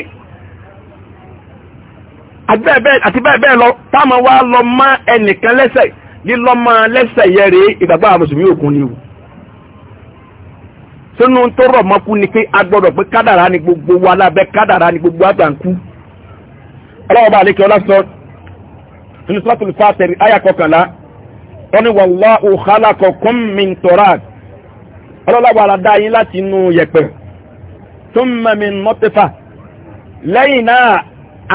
àti bẹ́ẹ̀ bẹ́ẹ̀ lọ táwọn wá lọ mọ́ ẹnìkan lẹ́sẹ̀ lílọ́mọ lẹ́sẹ̀ yẹ ìgbàgbọ́ àwọn òkun ni o. sínú tó rọ̀ mọ́kú ni pé a gbọ́dọ̀ pé kádàrá ni gbogbo wa lábẹ́ kádàrá ni gbogbo àgbàǹkú ọlọ́ọ̀bá àlékè ọlásọ nínú sọ́tùlù fàtẹ̀rì àyà kọkànlá wọ́n ní wallahu khalaqakum min turab ọlọ́láwọ̀ yín láti inú yẹ̀pẹ̀ min nutfa lẹ́yìn náà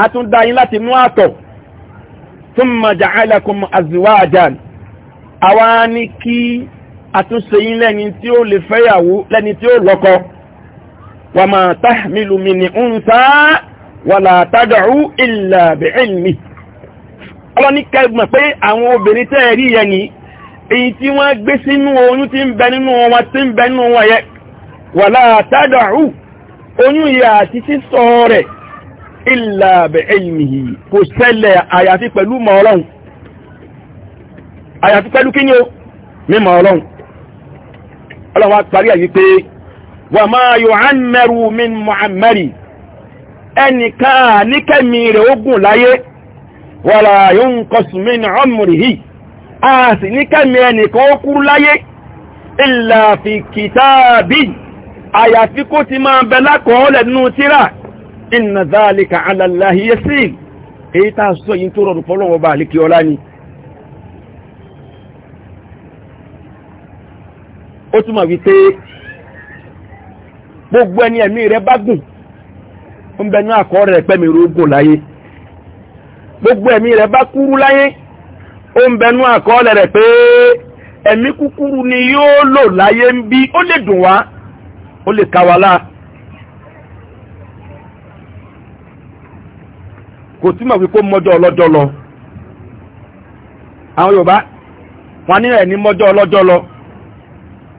a tún dá yín láti inú àtọ̀ thumma ja'alakum azwajan àwa ni kí àtúnṣe yín lẹ́ni tí ó lè fẹ́yàwó lẹ́ni tí ó lọ́kọ wà máa tahmilu min unsa wala tad'u illa bi'ilmi ọlọ́ní kẹgbọ̀n pé àwọn obìnrin tẹ́ rí yẹn ni èyí tí wọ́n gbé sínú oyún tí ń bẹ nínú wọn tí ń bẹ nínú wọn yẹ wala tad'u oyún yẹ àti sísọ rẹ̀ illa bi'ilmihi kò ṣẹlẹ̀ àyàfi pẹ̀lú mọ̀ ọlọ́run àyàfi pẹ̀lú kíni o mímọ̀ ọlọ́run ọlọ́wọ́ parí àyí pé wà máa yọ ánmẹ́rù min muhammadi ẹnìkan níkẹ́mi rẹ̀ ogun láyé wà láyé ń kọsù min umrihi a sì níkẹ́mi ẹnìkan ó kúrú láyé ìlà fi kìtàbí àyàfi kó ti máa bẹ lákọọ́lẹ̀ nínú tíra inna zalika ala Allahi èyí tá sọ yìí tó rọrùn fọ́lọ́wọ́ bá àlékí ọlá ni ó túmọ̀ wípé gbogbo ẹni ẹ̀mí rẹ bá gùn ń bẹ ní àkọọ́rẹ̀ rẹ̀ pẹ́mi rógùn láyé gbogbo ẹ̀mí rẹ bá kúrú láyé ó ń bẹ ní rẹ̀ pé ẹ̀mí kúkúrú ni yóò lò láyé ń bí ó lè dùn wá ó lè ká wa láà kò wípé ọlọ́jọ́ lọ àwọn Yorùbá wọn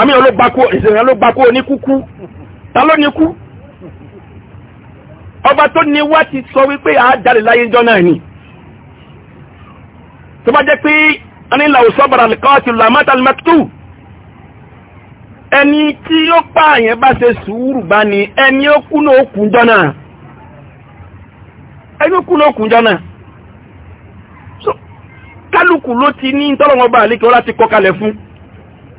àmì ìṣẹ̀yàn ló gbakú oníkúkú ta ló ní kú ọba tó ní wá ti sọ wípé a jáde láyé jọ náà ni tó bá jẹ́ pé anílà òṣọ́bàrà lẹ́kọ́ọ̀tì lamátalimátú ẹni tí ó pààyàn bá ṣe sùúrù bá ní ẹni ó kú náà kún jọ náà ẹni ó kú náà kún jọ náà kálukú ló ti ní tọ́lọ́wọ́n bá àlékẹ́ láti kọkalẹ̀ fún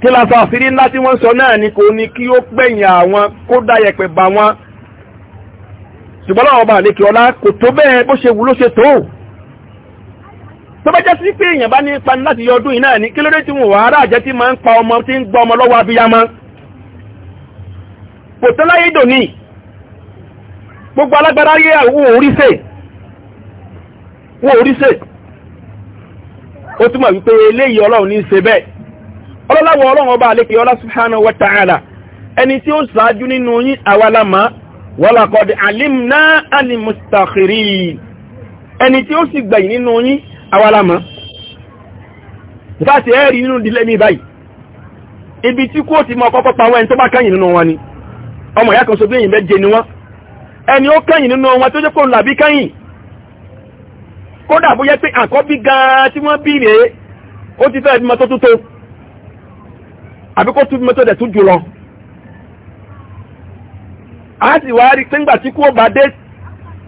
kí la sọ àṣírí ńlá tí wọ́n sọ náà ni kò ní kí ó gbẹ̀yìn àwọn kó dá yẹ̀pẹ̀ bá wọn ṣùgbọ́n láwọn ọba àlekè ọlá kò tó bẹ́ẹ̀ bó ṣe wù ló ṣe tó tó bá jẹ́ sí pé èèyàn bá ní pani láti yọ ọdún yìí náà ní kí tí wọn wàhálà jẹ́ tí máa ń pa ọmọ tí ń gbọ́ ọmọ lọ́wọ́ abiyamọ kò tán láyé dòní gbogbo alágbára yé àwọn oríṣẹ́ wọn oríṣẹ́ ó túmọ̀ wípé eléyìí ọlọ́run ní ṣe bẹ́ẹ̀ ọlọ́láwọ̀ ọlọ́run ọba àlekè ọlá subhanahu wa ta'ala ẹni tí ó ṣáájú nínú yín àwàlámà wọ́làkọ̀dì alimna alimustakiri ẹni tí ó sì gbẹ̀yìn nínú yín àwàlámà láti ẹ́rì nínú ìdílé mi báyìí ibi tí kó ti mọ kọ́kọ́ pàwọ́ ẹni tó bá kẹ́yìn nínú wọn ni ọmọ ìyá kan sóbí èyìn méje ni wọ́n ẹni ó àbí kó tún mẹ́tọ́ dẹ̀ tún jù lọ a sì wá rí pé ńgbà tí kò bá dé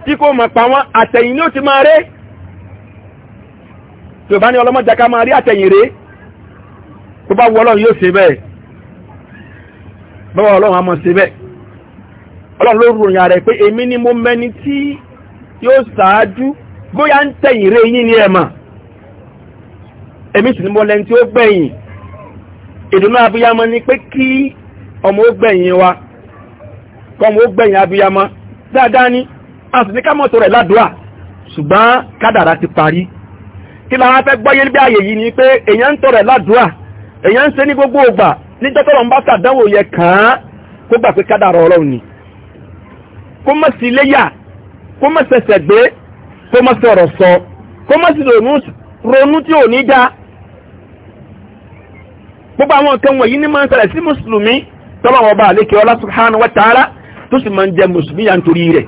tí kò mọ̀ pa wọ́n àtẹ̀yìn ní ó ti máa rí tí ò bá ní ọlọ́mọjà ká máa rí àtẹ̀yìn rí tó bá wù ọlọ́run yóò ṣe bẹ́ẹ̀ bọ́wọ́ ọlọ́run a mọ̀ ṣe bẹ́ẹ̀ ọlọ́run ló ròyìn ààrẹ pé èmi ni mo mẹni tí yóò ṣáájú bóyá ń tẹ̀yìn rí yín ní ẹ̀mà èmi sì ni mo lẹni tí ó gbẹ̀yìn ìdùnnú abiyamọ ni pé kí ọmọ ó gbẹ̀yìn wa kọmọ ó gbẹ̀yìn abiyamọ dáadáa ni a sì ní ká mọ́tò rẹ̀ ládùúà ṣùgbọ́n kádàrá ti parí kí lára fẹ́ gbọ́yé bí ààyè yìí ni pé èèyàn ń tọ́ rẹ̀ ládùúà èèyàn ń ṣe ní gbogbo ògbà níjọ́ tọ́lọ̀ ń bá sàdánwò yẹ kàn án kó gbà pé ni kó mọ̀ sí iléyà kó mọ̀ sẹ̀sẹ̀ gbé kó mọ̀ sọ gbogbo àwọn nǹkan wọ̀nyí ní máa ń ṣẹlẹ̀ sí mùsùlùmí tọ́lọ́wọ́ bá àlékè ọlá subhanahu wa ta'ala tó sì máa ń jẹ mùsùlùmí ya nítorí rẹ̀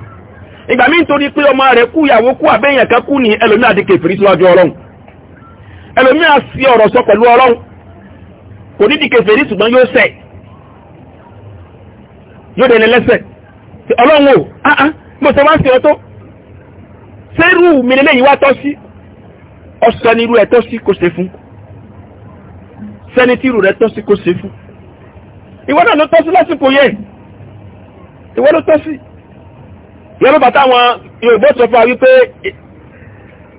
ìgbà míì nítorí pé ọmọ rẹ̀ kú ìyàwó kú àbẹ́yàn kan kú ní ẹlòmí àdìkè fèrè síwájú ọlọ́run ẹlòmí á sí ọ̀rọ̀ sọ pẹ̀lú ọlọ́run kò ní dìkè fèrè ṣùgbọ́n yóò ṣẹ̀ sẹ́ni tí irú rẹ̀ tọ́ sí kó ṣe fún ìwọ náà ló tọ́ sí lásìkò yẹ ìwọ ló tọ́ sí yẹ́rọ bàtà Yorùbá sọ fún wa wípé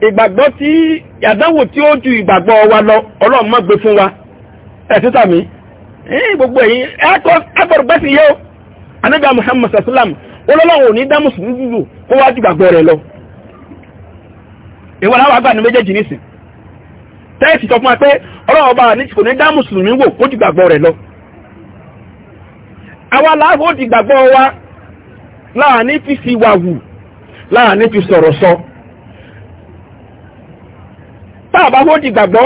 ìgbàgbọ́ tí àdánwò tí ó ju ìgbàgbọ́ wa lọ Ọlọ́run má gbé fún wa ẹ̀ títà mi gbogbo ẹ̀yin ẹ̀kọ́ gbẹ́sì yẹ o Ànábì Muhammad sallam olólùwọ̀n ò ní dá mùsùlùmí dúdú kó wá ju ìgbàgbọ́ rẹ̀ lọ ìwọ làwọn àgbà méjèèjì nísìnyí tẹ́ẹ̀sì sọ fún wa pé ọba ní kò ní dá mùsùlùmí wò kó dìgbàgbọ́ rẹ̀ lọ àwa láàbò dìgbàgbọ́ wa láàní fi fi wà wù láàní fi sọ̀rọ̀ sọ táàbá ó dìgbàgbọ́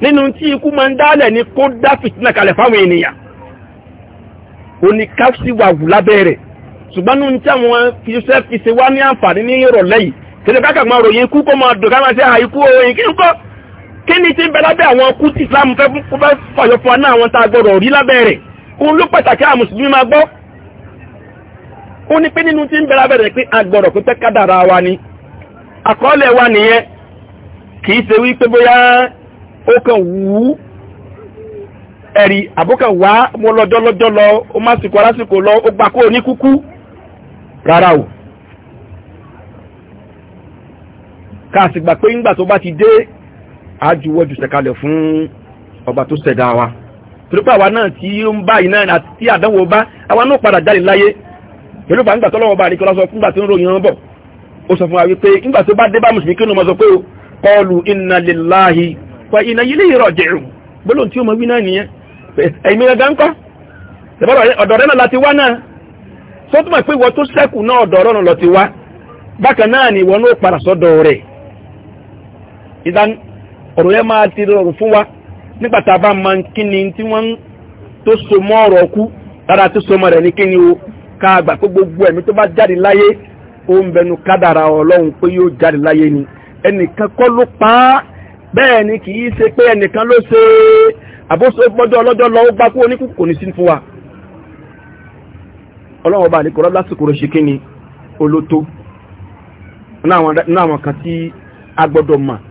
nínú tí ikú máa ń dálẹ̀ ni kó dá fìtínà kalẹ̀ fáwọn ènìyàn ní ká sí wà wù lábẹ́ ṣùgbọ́n nínú tí àwọn fiṣẹ́ fi ṣe wá ní àǹfààní ní ìrọ̀lẹ́ yìí kí ma máa ròyìn ikú kó máa dùn ká n kí ni ti ń bẹ lábẹ́ àwọn kú tí islam fẹ́ fún fẹ́ fọyọ fún aná àwọn tá a gbọ́dọ̀ rí lábẹ́ rẹ̀ òun ló pàtàkì àwọn mùsùlùmí máa gbọ́ ó ní pé nínú ti ń bẹ lábẹ́ rẹ̀ pé a gbọ́dọ̀ pípẹ́ kádàrá wa ni àkọọ́lẹ̀ wa nìyẹn kì í ṣe bóyá ó kàn a jù sẹ̀kalẹ̀ fún ọba tó awa. wa torípa àwa náà tí ó ń báyìí náà àti àdánwò bá àwa náà padà jáde láyé pẹ̀lú bá ń gbà tọ́lọ́wọ́ bá àríkọ́lá sọ fúngbà tó ń ròyìn ọbọ̀ ó sọ fún wa wípé tó bá dé bá mùsùlùmí kí ó sọ pé o kọlu inna lillahi wa inna ilayhi raji'un gbólóhùn tí ó nìyẹn ọ̀dọ̀ rẹ̀ láti wá náà ọ̀rọ̀ yẹn máa ti nígbàtà bá ma kí ni tí wọ́n tó so mọ́ ọ̀rọ̀ ọkú dára tó so mọ́ rẹ̀ ní kí ni o pé gbogbo ẹ̀mí tó bá jáde láyé ó ń bẹnu kádàrà ọlọ́run pé yóò jáde láyé ni ẹnìkan kọ́ ló pa á bẹ́ẹ̀ ni kì í ṣe pé ẹnìkan ló ṣe àbóso ọlọ́jọ́ lọ ó bá kú oníkù kò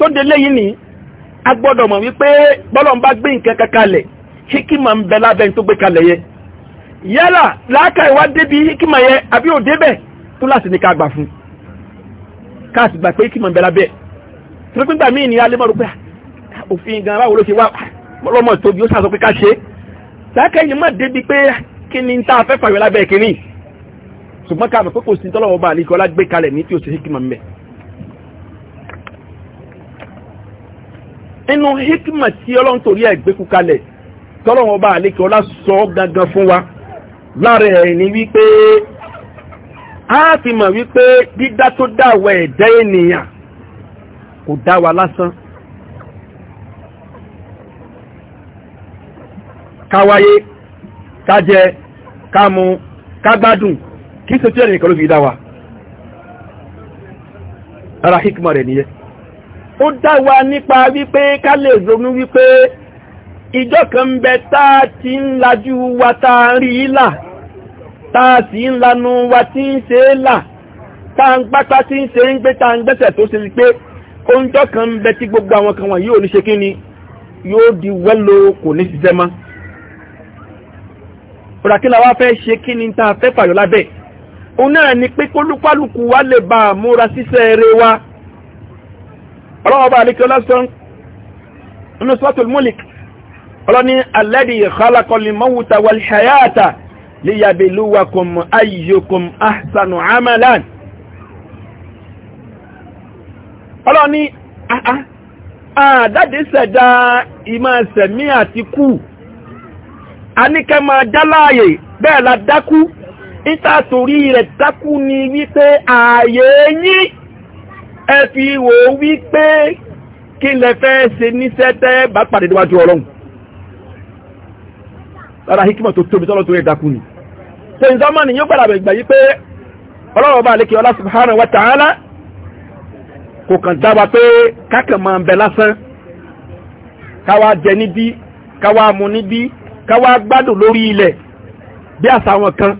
tó délé yìí ni a gbọ́dọ̀ mọ̀ wípé bọ́lọ̀ ń bá gbé nǹkan kankalẹ̀ hikima ń bẹ lábẹ́ tó gbé kalẹ̀ yẹ yálà láàkà ìwá débi hikima yẹ àbí ò débẹ̀ tó láti ní ká gbà fún káàsì gbà pé hikima ń bẹ lábẹ́ tìrìpínta míì ní alẹ́ mọ́rú pé ah, òfin gan báwo ló ṣe wá ah, lọ́mọ tóbi ó sàsọ pé ká ṣe láàkà ìyẹn má débi pé kí ni tá a fẹ́ fàyọ lábẹ́ kínní ṣùgbọ́n ká mọ̀ pé kò sí tọ́lọ́wọ́ bá àlíkọ́ inú hikma tí ọlọ́run torí ẹ̀ gbé kúkalẹ̀ tọ́lọ́run ọba àlékè ọlá sọ gangan fún wa lára ẹ̀ ni wípé a fi mọ̀ wípé dídá tó dáwọ̀ ẹ̀dẹ́ ènìyàn kò dá wa lásán káwáyé kájẹ kámu kágbádùn kí ṣe tí ẹ̀rìn kan ló fi dá wa ara hikma rẹ̀ nìyẹn ó dá wa nípa wípé ká lè ronú wípé ìjọ kan ń bẹ tá a ti ń lajú wa tá a rí là tá a ń lanu wa tí ń ṣe là tá ń gbápá tí ń ṣe ń gbé tá ń gbẹ́sẹ̀ tó ṣe pé oúnjọ kan ń bẹ tí gbogbo àwọn kan wọ̀nyí ò ní ṣe kí ni yóò di wẹ́lo kò ní ṣiṣẹ́ mọ́ ọ̀rọ̀ kí la wá fẹ́ ṣe kí ni tá a fẹ́ fàyọ̀ lábẹ́ òun náà ni pé kólúkálùkù wa lè bá a ṣiṣẹ́ eré wa ọlọ́wọ́ bá alikẹ́ lásán nínú sọ́tù múlik ọlọ́ni alẹ́dì ìkọlákọlì mọ́wúta wàlìṣàyáta lè yàbẹ̀ lúwakùn ayyukùn ahsanu amalan ọlọ́ni àdáde ah, ah, sẹ̀dá ìmọ̀ sẹ̀mí àti kú a ní kẹ́ máa dáláàyè bẹ́ẹ̀ la dákú ìtàtòrí rẹ̀ dákú ni wípé ààyè yìí ẹ fi wò wí kí lẹ fẹ́ ṣe níṣẹ́ tẹ́ bá pàdé níwájú ọlọ́run lára hikima tó tóbi tọ́lọ́ rẹ̀ dákú ni ṣe ń zọ́mọ́ ni yóò gbàdà gbà yí pé ọlọ́run bá lékè ọlá subhanahu wa ta'ala kò kàn dábàá pé kákan máa ń bẹ lásán káwá jẹ níbí káwá mu níbí káwá gbádùn lórí ilẹ̀ bí àṣà wọn kan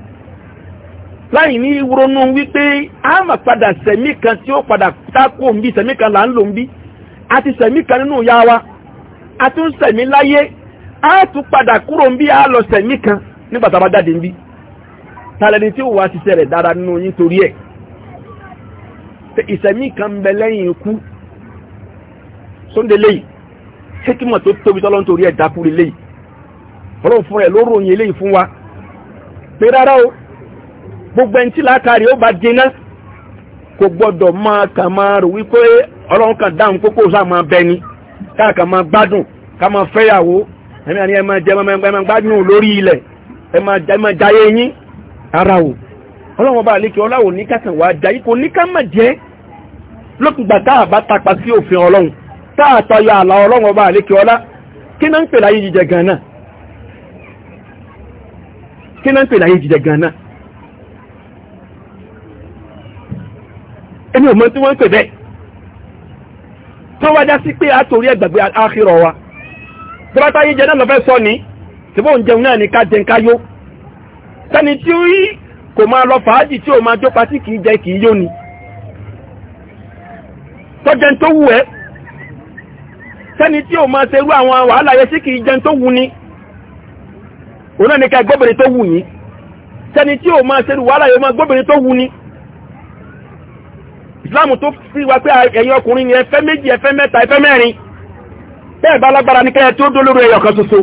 láì ní ronú wípé a máa padà sẹ̀mí kan tí ó padà tákò ń bí sẹ̀mí kan là ń lò ń bí a ti sẹ̀mí kan nínú ìyá wa a tún sẹ̀mí láyé a tún padà kúrò ń bí a lọ sẹ̀mí kan nígbà bá jáde ń bí tàlẹ́ni tí ó kan bẹ lẹ́yìn ikú sóndélé yìí hekima tó tóbi tọ́lọ́ nítorí ẹ̀ léyìí ọlọ́run fún wa pé gbogbo ẹni tí látàrí ó bá jiná kò gbọ́dọ̀ máa kàn máa rò wípé ọlọ́run kan dáhùn kókó sáà máa bẹ ni káàkà máa gbádùn ká máa fẹ́yàwó ẹ̀mí àní ẹ máa jẹ ẹ máa gbádùn lórí ilẹ̀ ẹ máa jayé yín ara o ọlọ́run ọba àlékè ọláwò ní kásán wàá jayé kò ní ká má jẹ́ lókùngbà tá a bá tapa sí òfin ọlọ́run tá a tayọ àlà ọlọ́run ọba àlékè ọlá kí náà ń pè láyé jíjẹ gan kí náà ń pè láyé jíjẹ gan èmi ò mọ tí wọ́n ń pè bẹ́ẹ̀ tó wá já sí pé a torí ẹgbàgbé àkírọ̀ wa tó bá táyé jẹ náà lọ́fẹ́ sọ ni tí bóun jẹun náà ni ká jẹun ká yó sẹ́ni tí ó yí kò máa lọ fàájì tí ó máa jó patí kìí jẹ kìí yó ni tọ́jẹ́ tó wù ẹ́ sẹ́ni tí ó máa ṣerú àwọn wàhálà yẹ sí kìí jẹ tó wù ni òun náà ni ká gbóbìnrin tó wù yín sẹ́ni tí ó máa ṣerú wàhálà yẹ máa gbóbìnrin tó wù ni islam tó fi wá pé ẹ̀yin ọkùnrin ni ẹ fẹ́ méjì ẹ fẹ́ mẹ́ta ẹ fẹ́ mẹ́rin bẹ́ẹ̀ bá lágbára ní kẹ́yẹ tí ó dólóró ẹyọ kan ṣoṣo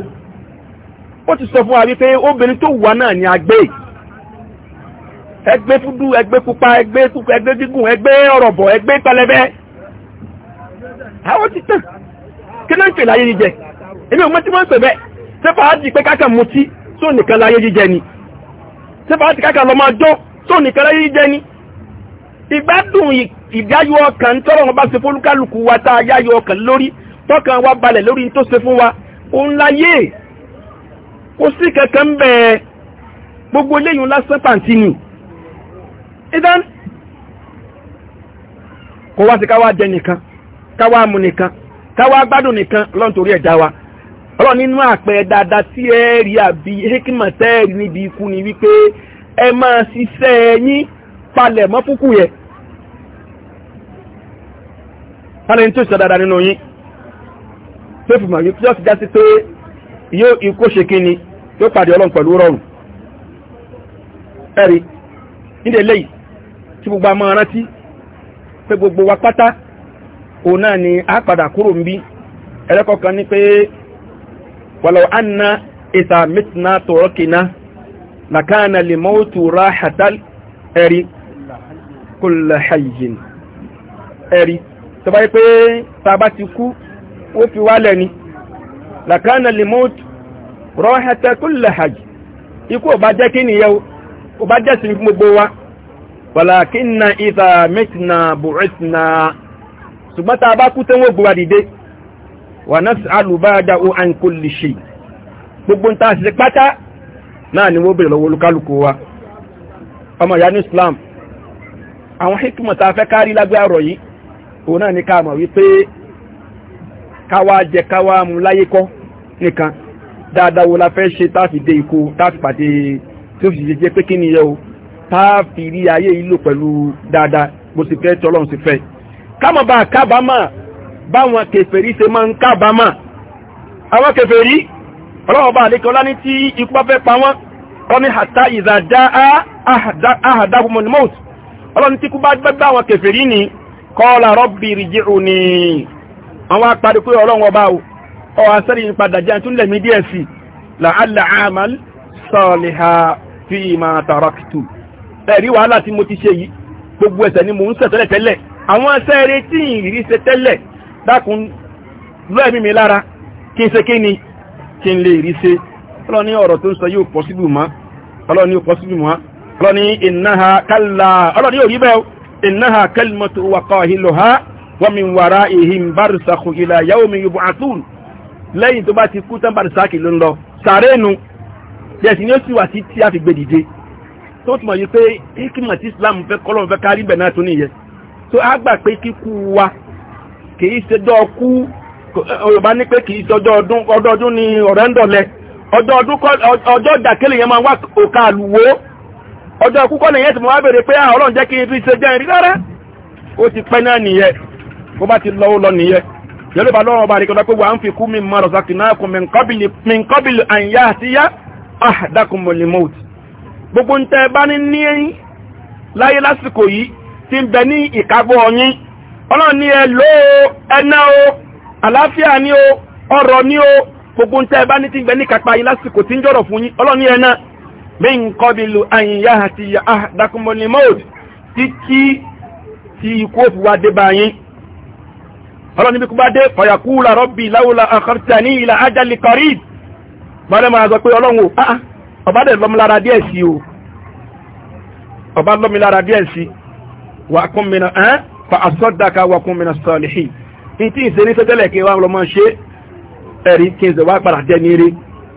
ó ti sọ fún wa wípé obìnrin tó wà náà ni agbé ẹgbẹ́ fúdú ẹgbẹ́ pupa ẹgbẹ́ pupa ẹgbẹ́ gígùn ẹgbẹ́ ọ̀rọ̀bọ̀ ẹgbẹ́ pẹlẹbẹ àwọn ti tàn kí ló ń pè láyé jíjẹ èmi ò mọ̀ tí wọ́n ń pè bẹ́ẹ̀ sẹ́fà á di pé káàkà mutí tó nìkan láyé jíjẹ ni sẹ́fà á di káàkà lọ máa jọ́ nìkan láyé jíjẹ ni ìgbádùn ìdáyọ̀ ọkàn ń tọ́rọ̀ wọn bá ṣe fólúkálùkù wa tá a yáyọ̀ ọkàn lórí tọ́kàn wa balẹ̀ lórí tó ṣe fún wa òun láyé kò sí kankan ń bẹ gbogbo léyìn lásán pàǹtí ni ìdán kò wá sí káwá jẹ nìkan káwá mu nìkan káwá gbádùn nìkan lọ́n torí ẹ̀dá wa ọlọ́run nínú àpẹ dáadáa tí ẹ rí àbí hekima tẹ́ẹ̀rí níbi ikú ni wípé ẹ máa ṣiṣẹ́ yín palẹ̀ mọ́ fúkú yẹ pálẹ̀ tó ṣe dáadáa nínú yín tó fi mọ̀ yóò fi jásí pé yóò ikó ṣe kí ni yóò gbogbo àmọ́ rántí pé a padà kúrò ń bí ẹlẹ́kọ̀ọ́kan ní pé anna kull hayyin ẹ̀rí tó bá yí pé tàbá ti kú ó fi wálẹ̀ ni làkánà limot rọ́hẹ́tẹ́ kull hayy ikú ò bá jẹ́ kí nìyẹn ò bá jẹ́ sí gbogbo wa walakinna idha mitna bu'ithna ṣùgbọ́n tàbá kú tẹ́wọ́ gbogbo àdìde wà náà alùbáadà ó an kulli shay gbogbo ta ṣe pátá náà ni wọ́n bèèrè lọ́wọ́ olúkálùkù wa ọmọ ìyá Islam àwọn hikmọ̀ tá a fẹ́ kárí lágbé àrọ̀ yìí òun náà ní ká mọ̀ wípé káwá jẹ káwá mu láyé kọ́ nìkan dáadáa wo la fẹ́ ṣe táàfi dé ikú táàfi pàdé tí ó fi jẹ́ pé kí ni yẹ o táàfi rí ayé yìí lò pẹ̀lú dáadáa bó ti fẹ́ tọ́lọ́run ti fẹ́ kámọ̀ bá kábàámà báwọn kèfèrí ṣe máa ń kábàámà àwọn kèfèrí ọlọ́wọ́ bá àlékọ́ lá ní tí ikú bá fẹ́ pa wọ́n ọ ní hàtá ìzàdá àhàdáhùmọ̀nìmọ́ọ̀tì ọlọ́run tí kú bá gbẹ́gbẹ́ àwọn kèfèrí ni kọ́ọ̀lá rọ́bì rìjìrù ni àwọn apàdé pé ọlọ́run ọba ọ asẹ́rì padà jẹ́ tún lẹ̀mí díẹ̀ sí làálà àmàl ni mò ń ṣẹ̀ tẹ́lẹ̀ tẹ́lẹ̀ àwọn asẹ́rì tí ìrírí ṣe tẹ́lẹ̀ dákun lọ́ẹ̀mí mi lára kí n ṣe kí ni kí n lè rí ọlọ́ni ọ̀rọ̀ tó ń sọ yóò pọ̀ síbù mọ́ ọlọ́ni ìnáha kálá ọlọ́ni yóò rí bẹ́ẹ̀ ìnáha kálmọ̀tò wakọ̀ ìlú ha wọ́n mi wàrá ìhìn bárùsàkù ìlà yàwó mi yóò bọ̀ àtún lẹ́yìn tó bá ti kú tán bárùsàkì ló ń lọ sàrénu jẹ́sì ni ó sì wà sí tí a fi gbé dìde tó túmọ̀ yìí pé hikima tí Islam fẹ́ kọ́lọ́ fẹ́ kárí bẹ̀ náà tún nìyẹn tó a gbà pé kíkú wa kì ṣe dọ́ kú Yorùbá ní pé kì í ṣe ọdọọdún ni ọ̀rẹ́ ń dọ̀lẹ́ ọdọọdún ọjọ́ ìdàkẹ́lẹ̀ yẹn máa wá òkà àlùwò ọjọ́ na nìyẹn tí mo wá bèèrè pé ah, ọlọ́run jẹ́ kí n rí ṣe jẹ́ ìrí rárá ó ti pẹ́ náà nìyẹ bó bá ti lọ́wọ́ lọ nìyẹn yẹ́lú bá lọ́wọ́ bá rí kọ́dá pé wà ń fi kú mi mọ́ rọ̀sá kìnnáàkùn min kọ́bìlì àyà àti yá gbogbo ń bá ní ní láyé lásìkò ti bẹ ní ọyìn ọlọ́run ní ẹ ẹná o àlàáfíà gbogbo ń bá ní ti bẹ ní lásìkò tí ń jọ̀rọ̀ min kọbílù àyíyá àti àdákùnmọ́lì mọ́ọ̀dì tí kí tí ikú òfin wá dé báyí ọlọ́ni bí kú bá dé fọ̀yàkúlà rọ́bì láwùlà àkọ́rtà ní ilà ajali karib, bọ́lẹ̀ máa sọ pé ọlọ́run ò áá ah, ọba dẹ̀ lọ́mìlára díẹ̀ sí o eh, fa àsọ́dàkà wà kún mìíràn sọ̀lìhì ní tí ìṣeré sẹ́tẹ́lẹ̀ kí wọ́n lọ máa ṣe ẹ̀rí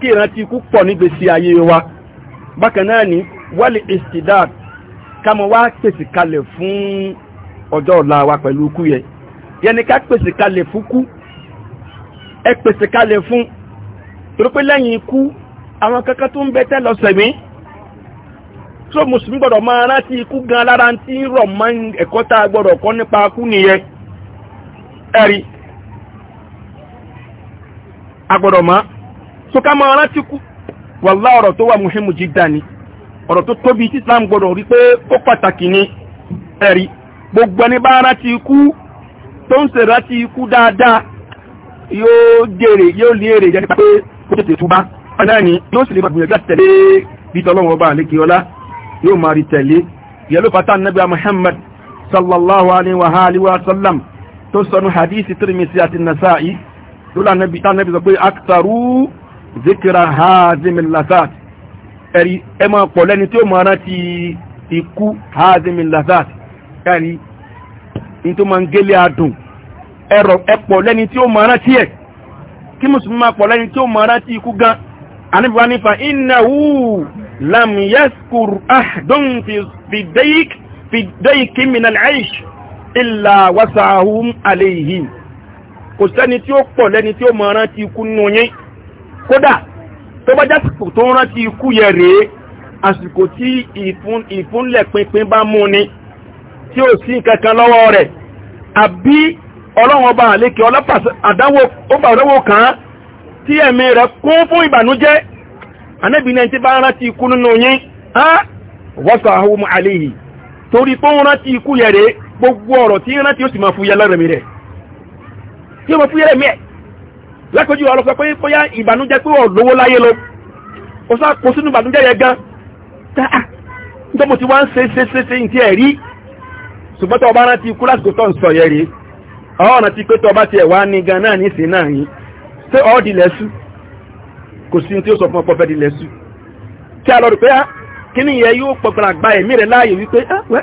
kí ìrántí ikú pọ̀ nígbèsí ayé wa bákan náà ni wali ká mọ wá pèsè kalẹ̀ fún ọjọ́ ọ̀la wa pẹ̀lú ikú yẹ yẹni ká pèsè kalẹ̀ fún kú ẹ pèsè kalẹ̀ fún torí pé lẹ́yìn ikú àwọn kankan tó ń bẹ tẹ́ lọ tó mùsùlùmí gbọ́dọ̀ máa rántí ikú gan lára ń so ká máa rántí kú wàlá ọ̀rọ̀ tó wà muhimu jiddan ni ọ̀rọ̀ tó tóbi tí islam gbọdọ̀ rí pé ó pàtàkì ni ẹ̀rí gbogbo ẹni bá rántí ikú tó ń ṣe rántí ikú dáadáa yóò jèrè yóò lé èrè jẹ́ nípa pé kó tètè túbá ọ̀nà ni yóò sì lè bá gbìyànjú àti tẹ̀lé bí tọ́lọ́wọ́ ọba àlékè ọlá yóò máa rí tẹ̀lé yẹlò pátá nàbí muhammad sallallahu alaihi wa alihi wa sallam tó sọnu hadisi tirimisi àti nasa'i lọ́la nàbí sọ pé aktaru zikira hazimin lasat ẹ̀rí ẹ máa pọ̀ lẹ́ni tí ó máa rántí ikú hazimin lasat ẹ̀rí ní tó máa ń gélé adùn ẹ̀rọ ẹ pọ̀ lẹ́ni tí ó máa rántí ẹ̀ kí mùsùlùmí máa pọ̀ lẹ́ni tí ó máa rántí ikú gan anábìwá nífa innahu lam yaskur ahdun fi dayik aish illa wasahum alayhi kò sẹ́ni tí ó pọ̀ lẹ́ni tí ó máa rántí ikú nù yín kódà tó bá jásìkò tó rántí ikú yẹ rèé àsìkò tí ìfúnlẹ̀ bá mú ni tí ó sí nǹkan lọ́wọ́ rẹ̀ àbí ọlọ́run ọlọ́pàá kan tí ẹ̀mí rẹ̀ kún fún ìbànújẹ́ bá torí tó ń rántí ikú gbogbo ọ̀rọ̀ tí rántí ó sì máa fúyẹ́ rẹ̀ tí ó máa fúyẹ́ ẹ̀ lákòójú ọ̀rọ̀ sọ pé bóyá ìbànújẹ́ pé ọ̀lówó láyé lọ kò sínú ìbànújẹ́ yẹn gan táà ah, nítorí mo ti wá ń se ṣe ṣe ṣe ìtí ẹ̀rí ṣùgbọ́n tó ọba rántí ikú lásìkò tó ń sọ yẹ rí ọ̀rọ̀ ti pé tó ọba ti di lẹ́sù kò sí tí ó sọ fún ọpọ fẹ́ di lẹ́sù kí a lọ rò pé á ah, kí ni ìyẹn yóò pọ̀pọ̀lá gba ẹ̀mí láàyè wípé ah, wẹ́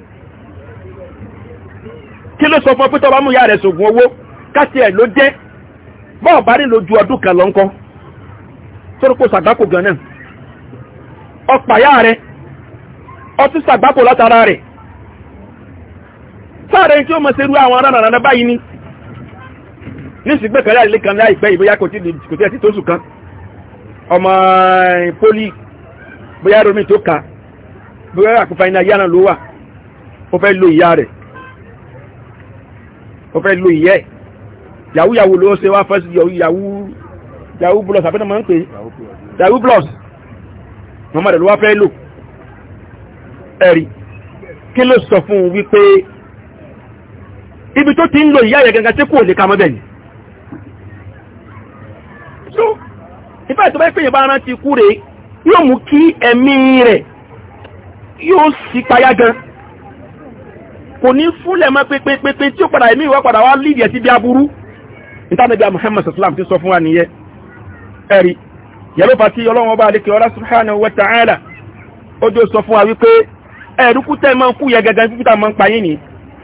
kí ló sọ fún ọ pé tọ́ba mú ìyá rẹ̀ sògùn owó káti ẹ̀ ló jẹ́ bọ́ọ̀ bá rí lójú ọdún kan lọ ńkọ́ sórí kó sàgbákò gan náà ọ̀pá ìyá rẹ̀ ọtún sàgbákò látara rẹ̀ sáàrẹ̀ tí ó mọ̀ sí irú àwọn aránàrànà báyìí ni ní ìsìgbẹ́ kẹrẹ àlè kan láìpẹ́ ìbóyá kò tí ẹ̀ tí tó sùn kan ọmọ eh, poli bóyá romi tó ka bóyá àkúfà iná yára ló wà ó fẹ́ lo ìyá rẹ̀ ó fẹ́ lo ìyẹ́ yahoo yahoo ló ṣe wá first yahoo yahoo plus àbẹ́nà máa ń pè yahoo plus mọ́mọ́ rẹ̀ ló wá fẹ́ lò ẹ̀rí kí ló sọ fún un wípé ibi tó ti ń lo ìyá rẹ̀ gangan tí kò lè ka mọ́ bẹ̀yìn so ìfẹ́ ìtọ́bá ìpéyìn bá rántí kú rèé yóò mú kí ẹ̀mí rẹ̀ yóò sì payá gan-an kò ní fúnlẹ̀ mọ́ pépépépé tí ó padà ẹ̀mí ìwọ́ padà wá lídìí ẹ̀ sí bí aburú ìtànàbí Muhammad sallam ti sọ fún wa nìyẹn ẹ̀rí yẹlópa tí ọlọ́wọ́n bá adékè ọlá subhanahu wa ta'ala ojú sọ fún wa wípé ẹ̀rúkú tẹ́ máa ń kú yẹ gẹ́gẹ́ fífúta máa ń pa yín ni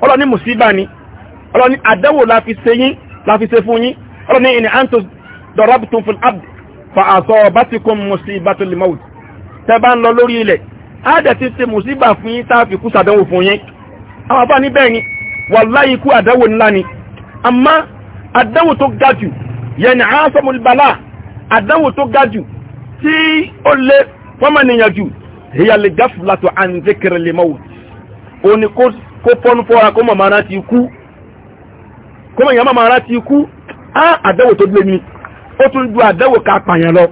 ọlọ́ni mùsíbà ni ọlọ́ni àdánwò la fi ṣe yín la fi ṣe fún yín ọlọ́ni fa asabatikum musibatul maut tẹ́ bá ń lọ lórí ilẹ̀ á dẹ̀ ti ṣe mùsíbà fún yín àwọn àbá ní bẹ́ẹ̀ ni wàláyé ikú àdáwò ńlá ni àmá àdáwò tó ga jù yẹn àásọmọlùbálà àdáwò tó ga jù tí ó lé fọ́mọ̀nìyàn jù ìyàlẹ̀ gáfùlàtọ̀ àǹdékèrè lè mọ́wò ó ní kó fọ́nú fọ́ra kó mọ̀mọ́ ara ti kú kó mọ̀ ìyàmọ̀ ara ti kú á àdáwò tó lé ni ó tún ju àdáwò ká pààyàn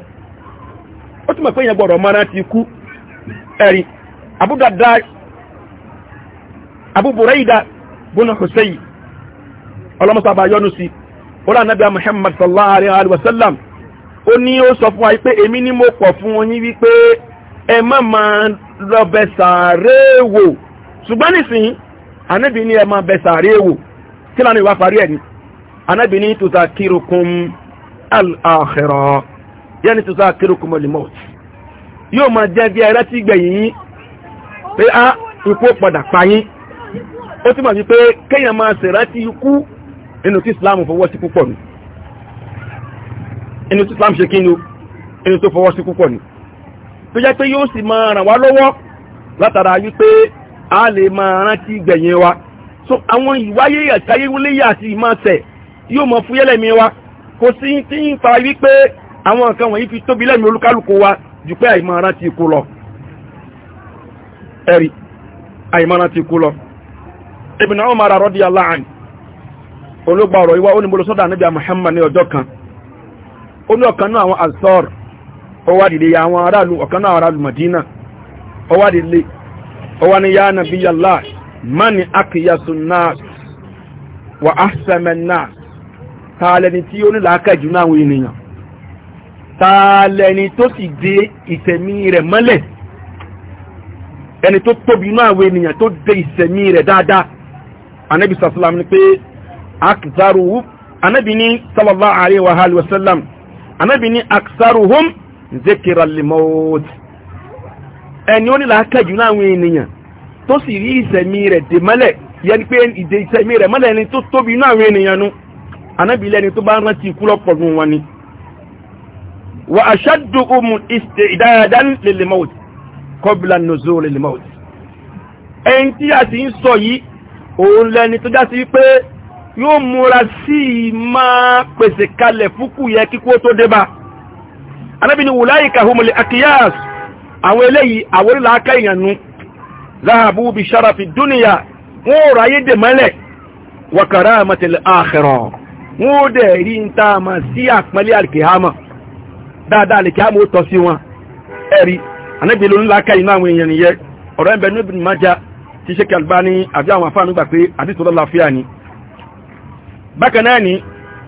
abu buraida bunu hussein ọlọ́mọsọ àbáyọ́nu sí ọlá anábíà muhammad sallallahu alaihi wa sallam ó ní ó sọ fún wa pé èmi ni mo pọ̀ fún yín wípé ẹ má máa lọ bẹ sàárè wò ṣùgbọ́n nísìnyí anábì ní ẹ máa bẹ sàárè wò kí lánàá ìwà parí ẹ̀ ni anábì ní tuzakirukum al-akhirah yẹni tuzakirukum al-maut yóò máa jẹ́ bí ẹrẹ́ tí gbẹ̀yìn yín pé á ah, ikú padà pa yín ó túnmọ̀ sí pé kéèyàn máa ṣèrántí ikú inú tí islam fọwọ́ sí púpọ̀ ni inú tí islam ṣe kí ni inú tó fọwọ́ sí púpọ̀ ni tó jẹ́ pé yóò sì máa ràn wá lọ́wọ́ látara wípé a lè máa rántí gbẹ̀yìn wa so àwọn ìwáyé àtayéwúléyà àti ìmọ̀ọ̀sẹ̀ yóò mọ fúyẹ́lẹ̀mí wa kò sí tí ń fa wípé àwọn nǹkan wọ̀nyí fi tóbi lẹ́mí olúkálùkù wa jù pé àìmọ̀ràn ti kú lọ ẹ̀rí àìmọ̀ràn ti kú lọ ibn umar radiyallahu anhu olóògbà ọ̀rọ̀ ìwá onímọ̀lò sọ́dà níbi Muhammad ni ọjọ́ kan ó ní ọ̀kan náà àwọn ansar ó wá dìde ya àwọn aráàlú ọ̀kan náà aráàlú Madina ó wá dìde ó wá ní ya Allah, mani akiyasu nas wa ahsaman nas tààlẹni tí ó nílà ákà jù náà ènìyàn tààlẹni tó sì dé ìtẹ̀mí rẹ̀ mọ́lẹ̀ ẹni tó tóbi náà ènìyàn tó dé ìtẹ̀mí rẹ̀ dáadáa anabi sallam ni pé akzaruhu anabi ni sallallahu alayhi wa alihi wa sallam anabi ni akzaruhum zikira limot ẹni ó ní làákàjù láwọn ènìyàn tó sì rí ìsẹ̀mí rẹ̀ dè mọ́lẹ̀ yẹni pé ìdè ìsẹ̀mí rẹ̀ mọ́lẹ̀ ni tó tóbi inú àwọn ènìyàn nu anabi lẹni tó bá ń rántí ikú lọ́pọ̀ nù wọn ni wa aṣáájú ohun isti'dadan lil maut qabla nuzul lil maut ẹni tí a ti òun lẹni tó já sí wípé yóò múra sí i máa pèsè kalẹ̀ fúkú yẹ kíkó tó débà anábìnrin wùláyì kàhùmùlẹ̀ akíyàs àwọn eléyìí àwòrìlà aká ìyànnú záàbù bí sáràfì dúnìyà wọ́n ò ráyé dè mọ́lẹ̀ wàkàrà àmàtẹ̀lẹ̀ àkẹrọ̀ wọ́n ò dẹ̀ rí ń ta àmà sí àpẹẹlẹ̀ àlìkìhámà dáadáa àlìkìhámà ó tọ́ sí wọn ẹ̀rí anábìnrin ńlá aká ìyànnú àwọn èèyàn nìyẹn ọ̀rọ̀ ẹ̀bẹ̀ tí ṣe kẹlbá ní àbí àwọn afáànú gbà pé hadith tó lọ́láfíà ni bákan náà ni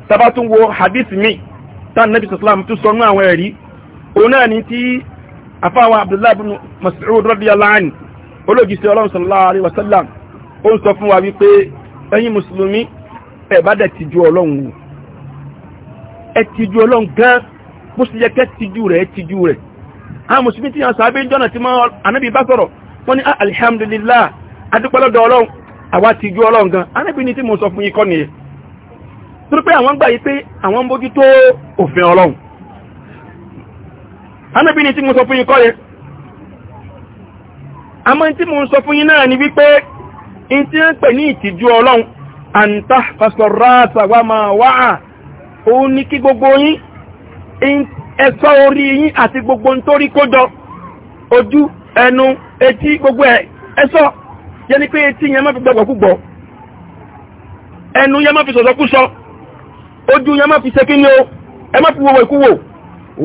tàbá tún wo hadith mi tán nabi sallam tún sọ ní àwọn ẹ̀rí òun náà ni tí afáwọn abdullahi bin mas'ud radiyallahu anhu olóògìsí ọlọ́run sallallahu alaihi wasallam ó ń sọ fún wa wípé ẹ̀yin mùsùlùmí ẹ bá dẹ̀ tijú ọlọ́run wò ẹ tijú ọlọ́run gan bó ṣe yẹ kẹ́ tijú rẹ̀ ẹ tijú rẹ̀ àwọn mùsùlùmí tí yàn sábẹ́ jọ́nà tí mọ́ anábì bá sọ̀rọ̀ wọ́n ní ah, alhamdulillah adúpẹ́lọ́dọ̀ ọlọ́run àwa ti ju ọlọ́run gan anábì ní tí mo sọ fún yín kọ́ nìyẹn torí pé àwọn gbà yí pé àwọn ń bójú tó òfin ọlọ́run anábì ní tí mo sọ fún yín kọ́ yẹn àmọ́ tí mo sọ fún yín náà ni wípé in tí ń pè ní ìtìjú ọlọ́run àǹtá orí yín àti gbogbo ń torí kójọ ojú ẹnu etí gbogbo ẹ̀ ẹ̀ṣọ́ yẹn ni pé etí yẹn má fi gbọ́gbọ́ kúgbọ́ ẹnu yẹn má fi sọ̀sọ́ kú sọ ojú yẹn má fi ṣe kíni o ẹ má fi wo ìkúwò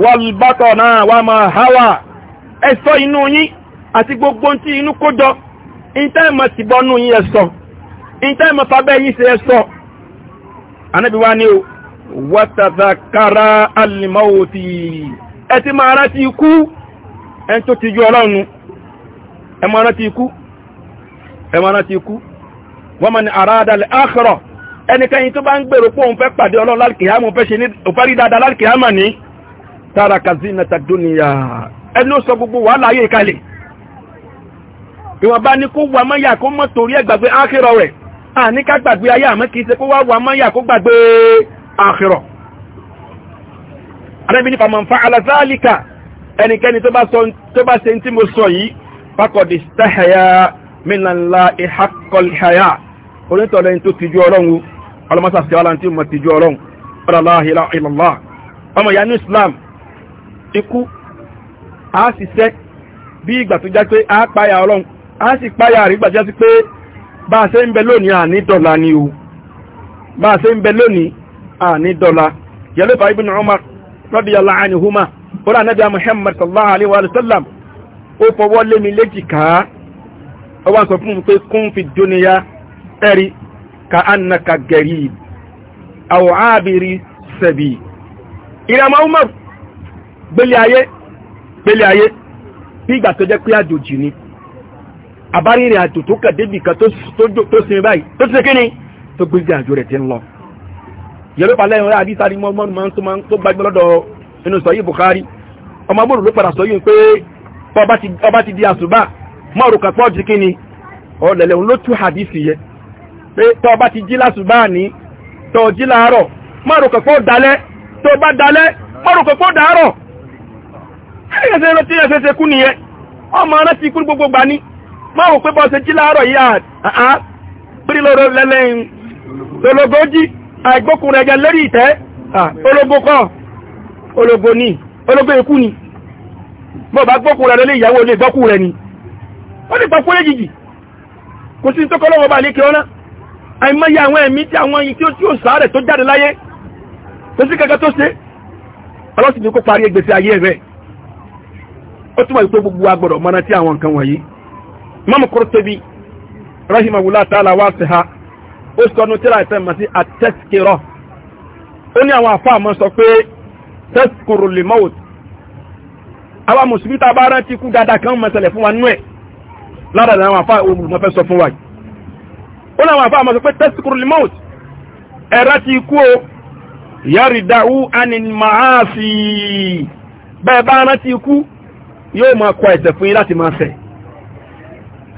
wàlbátọ̀ náà wà máa háwà ẹ̀sọ́ inú yín àti gbogbo tí inú kójọ ìtẹ́ẹ̀mọ̀ máa rántí ikú ẹ tó ti ju ọlọ́run ẹ máa rántí ikú ẹmọ́rán ti kú wọ́n mọ̀ ní àràádà àkọrọ̀ ẹnikẹ́ni tó bá ń gbèrò pé òun fẹ́ pàdé ọlọ́run lálkìyàmù fẹ́ ṣe ní òfárí dáadáa lálkìyàmù ní tààrà kazina tàdúnìyà ẹni ó sọ gbogbo wàhálà ayé ìkalẹ̀ ìwọ̀nba ni kó wà mọ́yà kó mọ́ torí ẹ̀ gbàgbé àkírọ̀ rẹ̀ àní ká gbàgbé ayé àmọ́ kìí ṣe kó wá wà mọ́yà mínàlá ìhàkọlìhàyà onítọ̀lẹ́ tó tijú ọlọ́run ọlọ́mọ́sà sí wà tí mọ̀ tijú ọlọ́run ọlọ́láhìlá ìlọ́lá ọmọ ìyá ní islam ikú a sì sẹ́ bí ìgbà tó já pé a páyà ọlọ́run a sì páyà rí gbàjá sí pé bá a ṣe ń bẹ lónìí àní dọ́là ni o bá a ṣe ń bẹ lónìí àní dọ́là yẹlẹ́fà ibn Umar radiyallahu anhuma ó rà nẹ́bí muhammad sallallahu alaihi wa sallam ó fọwọ́ lé mi léjìká ó wá ń sọ fún pé kún fi dúnìyà ẹ̀rí ka annaka garib aw abiri sabi ìràmọ́ umar gbélé ayé gbélé ayé bí ìgbà tó jẹ́ pé àjòjì ni àbárìnrìn àjò tó kà débì kan tó sinmi báyìí tó ti kí ni tó gbégbé àjò rẹ̀ ti ń lọ yẹlópa lẹ́yìn rẹ̀ àdísá ni mọ́mọ́nù máa ń tó máa ń tó gbágbé lọ́dọ̀ inú sọ yìí Bukhari ọmọ bòrò ló padà sọ yìí pé ọba ti di àsùbá mọ́rùkà pọ́ jù kí ni ọ̀lẹ̀lẹ̀ òun ló tú hadisi yẹ pé tọ́ bá ti jí lásùbá ní tọ́ jí láàárọ̀ mọ́rùkà pọ́ dalẹ́ tó bá dalẹ́ mọ́rùkà pọ́ dàárọ̀ ẹ̀yẹ́sẹ̀ ló tí ẹ̀sẹ̀ kú nìyẹn ọmọ rántí kú gbogbo gbà ní mọ́rù pé bọ́ ṣe jí láàárọ̀ yìí àá pírí lọ́rọ̀ lẹ́lẹ́yìn bá gbókun rẹ̀ lórí ìyàwó olè gbọ́kù rẹ̀ ni ó sì pàkó lẹ́jìjì kò sí tó kọ́lọ́wọ́ bá lékè ọ́nà àìmọ́yẹ àwọn ẹ̀mí tí àwọn yìí tí ó sàárẹ̀ tó jáde láyé tó sí kẹ́kẹ́ tó ṣe ọlọ́sìn ní kó parí ẹgbẹ̀sẹ̀ ayé rẹ̀ ó túnmọ̀ ìpé gbogbo agbọ̀dọ̀ mọ́ná tí àwọn nǹkan wọ̀nyí Imam Qurtubi rahimahullah ta'ala wá sí ha ó sọ ní tíra ìfẹ́ mọ̀ sí a bá rántí kú dáadáa kan mọ̀ sẹlẹ̀ fún wa nú ẹ̀ lára àwọn àfá olùmọ̀ fẹ́ sọ fún wa ó láwọn àfá àmọ́ sọ pé tẹ́sìkúrú limọ́t ẹ̀rá ti kú o yàrí dáwú anìmáàfì bẹ́ẹ̀ bá rán ti kú yóò máa kọ ẹ̀ṣẹ̀ fún yín láti máa ṣẹ̀